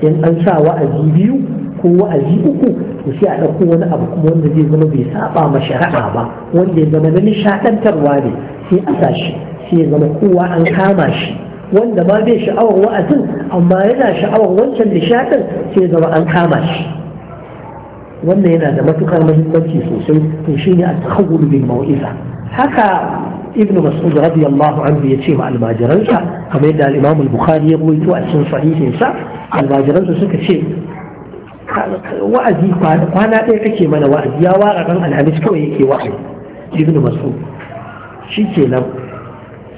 in an sa wa'azi biyu ko wa'azi uku to sai a ɗauko wani abu kuma wanda zai zama bai saba ma shari'a ba wanda ya zama na nishaɗantarwa ne sai a sa shi sai ya zama kowa an kama shi wanda ma bai sha'awar wa'azin amma yana sha'awar wancan nishaɗin sai ya zama an kama shi wannan yana da matukar muhimmanci sosai to shine a tahawul bin mau'iza haka ibn mas'ud radiyallahu anhu ya ce ma almajiransa kamar yadda al-imam al-bukhari ya rawaito a cikin sahihinsa almajiransa suka ce wa'azi kwana ɗaya kake mana wa'azi ya wara ran alhamis kawai yake wa'azi ibn mas'ud shi ke nan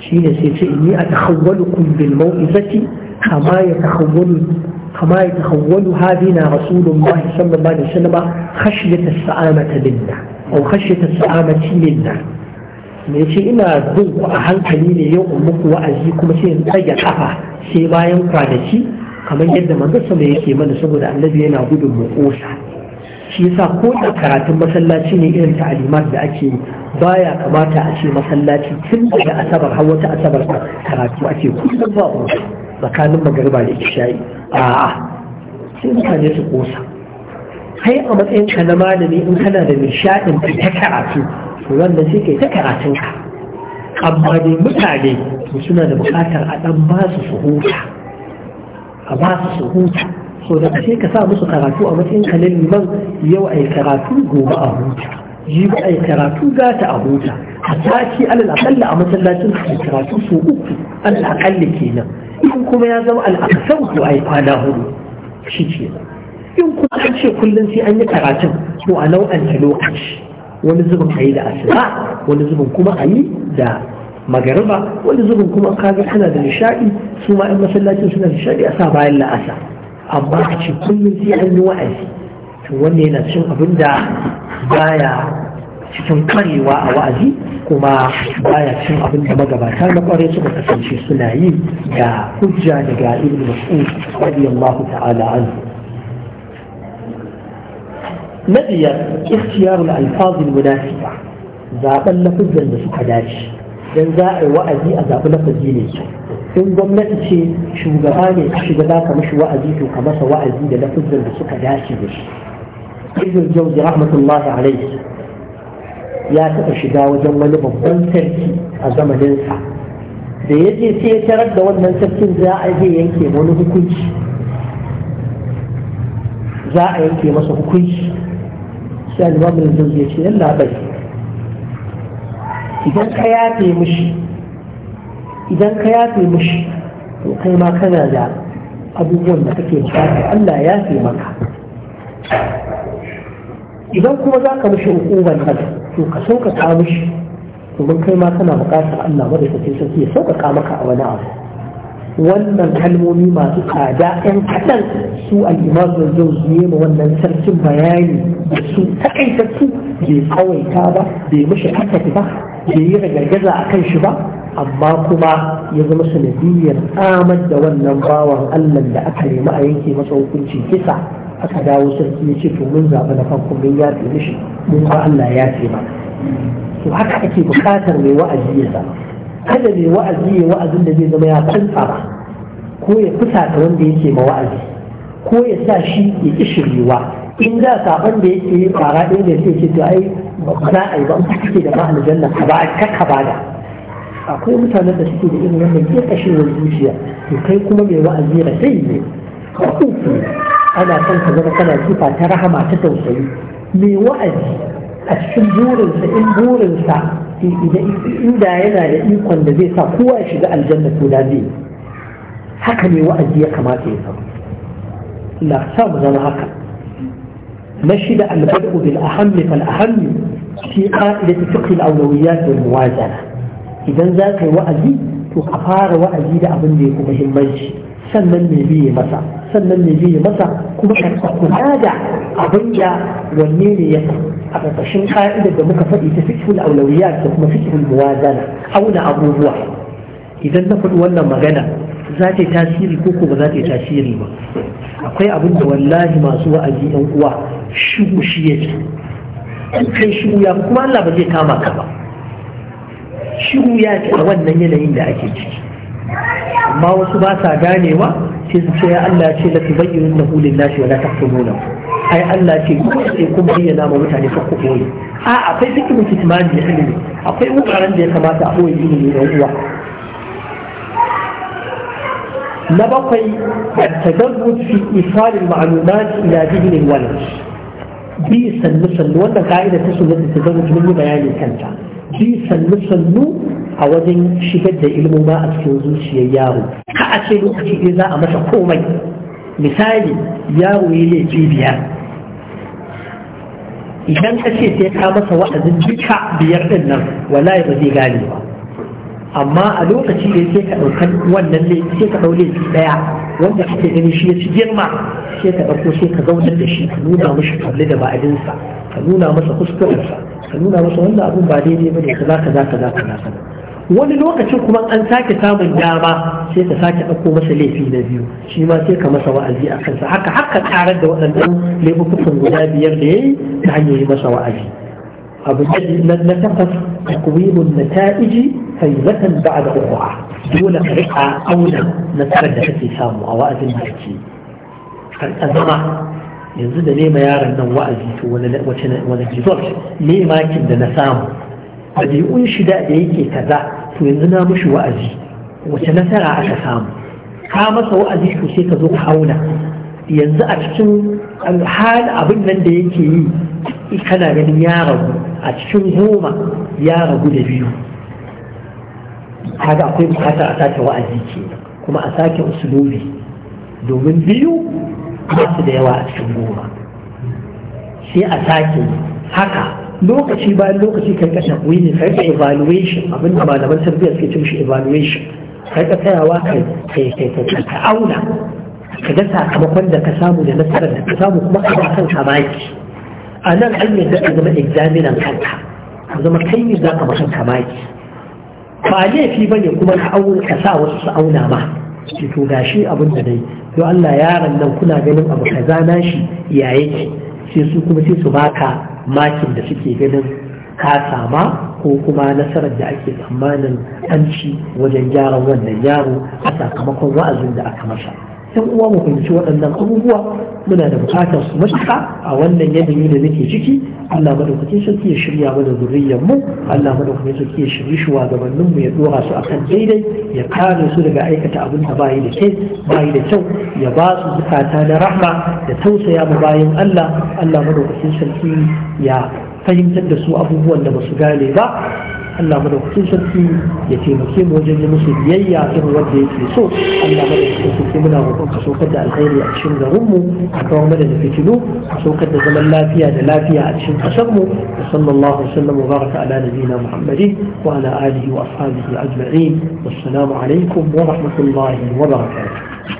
shi ne sai ce ni a tahawwalu kun bil mau'izati kama ya tahawwalu kama ya tahawwalu hadina rasulullahi me ce ina bin ku a hankali ne yau in muku wa'azi kuma sai in tsage kafa sai bayan kwanaki kamar yadda manzo sama yake mana saboda annabi yana gudun mu kosa shi yasa ko da karatun masallaci ne irin ta'alimat da ake baya kamata a ce masallaci tun daga asabar har wata asabar karatu ake kullum ba ku tsakanin magariba da isha'i a'a sai mutane su kosa kai a matsayin ka na malami in kana da nishaɗin ta karatu wanda sai kai ta karatunka. ka amma dai mutane to suna da buƙatar a ɗan ba su su huta a ba su so da sai ka sa musu karatu a matsayin kalin liman yau a yi karatu gobe a huta ji ba a yi karatu gata a huta a sati alal aƙalla a masallacin su karatu su uku alal kenan in kuma ya zama al'akasau ko a yi kwana hudu shi ce. in kuma an ce kullum sai an yi karatun ko a nau'anta lokaci wani zubin a yi da asuba wani zubin kuma a yi da magariba wani zubin kuma kaga suna da nishaɗi su ma 'yan masallacin suna nishaɗi a sa bayan la'asa amma a ce kullum sai an yi wa'azi to wannan yana cin abin da baya cikin karewa a wa'azi kuma baya cin abin da magabata na kwarai suka kasance suna yi da hujja daga ibn mas'ud radiyallahu ta'ala anhu na biyar ikhtiyarul guda munafiqa zaben lafazan da suka dace don za a yi wa'azi a zaɓi lafazi ne su in gwamnati ce shugaba ne shugaba za ka mashi wa'azi to ka masa wa'azi da lafazan da suka dace da shi ibn jawzi rahmatullahi alaihi ya taɓa shiga wajen wani babban sarki a zamaninsa da ya je sai ya tarar da wannan sarkin za a je yanke wani hukunci za a yanke masa hukunci sai alimamin da ya ce yalla bai idan ka yafe mushi idan ka yafe mushi to kai ma kana da abubuwan da kake bukata Allah ya yafe maka idan kuma za ka mushi hukuman nan to ka ka mushi domin kai ma kana bukatar Allah wadda kake sauƙi ya sauka maka a wani abu wannan kalmomi masu tsada yan kaɗan su al'imamu da zau zuye ma wannan sarkin bayani da su takaitattu bai kawaita ba bai mashi akati ba bai yi ragargaza a kan shi ba amma kuma ya zama sanadiyyar amar da wannan bawan allah da aka nemi a yanke masa hukunci kisa aka dawo sarki ya ce to mun zaɓi na farko mun ya fi mishi mun ba allah ya ce ba to haka ake buƙatar mai wa'azi ya zama kada mai wa'azi ya wa'azin da zai zama ya kunsa ba ko ya fusata wanda yake ma wa'azi ko ya sa shi ya ƙi in da saban da yake yi fara ɗaya da yake to ai ba za a yi ba in kake da ma aljanna ka ba ka ka ba da akwai mutanen da suke da irin wannan ke wani zuciya to kai kuma mai wa'azi da sai ne ka uku ana son ka zama kana sifa ta rahama ta tausayi mai wa'azi a cikin burinsa in burinsa inda yana da ikon da zai sa kowa ya shiga aljanna to da zai haka ne wa'azi ya kamata ya samu Allah sa mu zama haka na shida albad'u bil ahammi fal ahammi fi qa'idati fiqh al awlawiyat wal muwazana idan za ka yi wa'azi to ka fara wa'azi da abin da ya fi muhimmanci sannan ne biye masa sannan ne biye masa kuma ka kula da abin da wanne ne ya a ƙarƙashin ka'ida da muka faɗi ta fikhul aulawiyat da kuma fikhul muwazana auna abubuwa idan na faɗi wannan magana za ta yi tasiri ko ko za ta yi tasiri ba akwai abin da wallahi masu wa'azi yan uwa shigo shi yake kai shigo ya kuma Allah ba zai kama ka ba shigo ya ce a wannan yanayin da ake ciki amma wasu ba sa ganewa sai su ce ya Allah ce la tubayyinu lahu lillahi wa la tahtumuna ai Allah ce sai kun bayyana ma mutane ka ku koyi a akwai cikin kitman da ilimi akwai wuraren da ya kamata a koyi ilimi da uwa na bakwai at-tadarruj fi isal al-ma'lumat ila dhihni al-walad bi sannu sannu wannan ka'ida ta sunnah tadarruj mun yi bayani kanta bi sannu sannu a wajen shigar da ilimin ba a cikin zuciyar yaro ka a ce lokaci ɗaya za a masa komai misali yaro ya laifi biyar idan ka ce sai ka masa wa'azin duka biyar ɗin nan wallahi ba zai gane ba amma a lokaci ɗaya sai ka ɗaukan wannan laifi sai ka ɗau laifi ɗaya wanda kake gani shi ya ci girma sai ka ɗauko sai ka zaunar da shi ka nuna mashi kalli da ba'adinsa ka nuna masa kuskurensa ka nuna masa wannan abun ba daidai ba ne kaza kaza kaza kaza wani lokacin kuma an sake samun dama sai ka sake ɗauko masa laifi na biyu shi ma sai ka masa wa'azi a kansa haka haka karar da waɗannan laifukan guda biyar da ya yi ta hanyoyi masa wa'azi abu na takwas takwibun na ta'iji faizatan ba da dole ka rika auna nasarar da kake samu a wa'azin da kake ka zama yanzu da nema yaron nan wa'azi to wani result ne makin da na samu ɗabi'un shida da yake kaza to yanzu na mushi wa'azi wace nasara aka samu ka masa wa'azi to sai ka zo ka auna yanzu a cikin hal abin nan da yake yi kana ganin ya ragu a cikin goma ya ragu da biyu kaga akwai bukatar a sake wa'azi ke kuma a sake usulobi domin biyu ba su da yawa a cikin goma sai a sake haka lokaci bayan lokaci ka kashe wini ka rika evaluation abin da malaman tarbiyya suke cin shi evaluation ka rika tsayawa ka auna ka ga sakamakon da ka samu da nasarar da ka samu kuma ka ba kanka baki a nan an yadda ka zama examinan kanka ka zama kai ne za ka ba kanka baki ba laifi bane kuma ka auna ka sa wasu su auna ma to gashi abin da dai don Allah yaron nan kuna ganin abu kaza na shi ya yake sai su kuma sai su baka makin da suke ganin ka sama ko kuma nasarar da ake tsammanin an ci wajen gyaran wannan yaro a sakamakon wa'azin da aka masa yan uwa mu fahimci waɗannan abubuwa muna da bukatar su mashaka a wannan yanayi da nake ciki Allah madaukakin sarki ya shirya mana zuriyar mu Allah madaukakin sarki ya shirye shi wa gabanin mu ya dora su akan daidai ya kare su daga aikata abin da bayi da kai bayi da kyau ya ba su zukata na rahma da tausaya mu bayan Allah Allah madaukakin sarki ya fahimtar da su abubuwan da ba su gane ba Allah madaukakin sarki ya taimake mu wajen yi musu biyayya irin wanda yake so Allah madaukakin sarki muna roƙon ka saukar da alkhairi a cikin garin mu a kawo mana da fitilu a saukar da zaman lafiya da lafiya a cikin ƙasar mu wa sallallahu wa baraka ala nabiyina muhammadin wa ala alihi wa ashabihi ajma'in wassalamu alaikum wa rahmatullahi wa barakatuh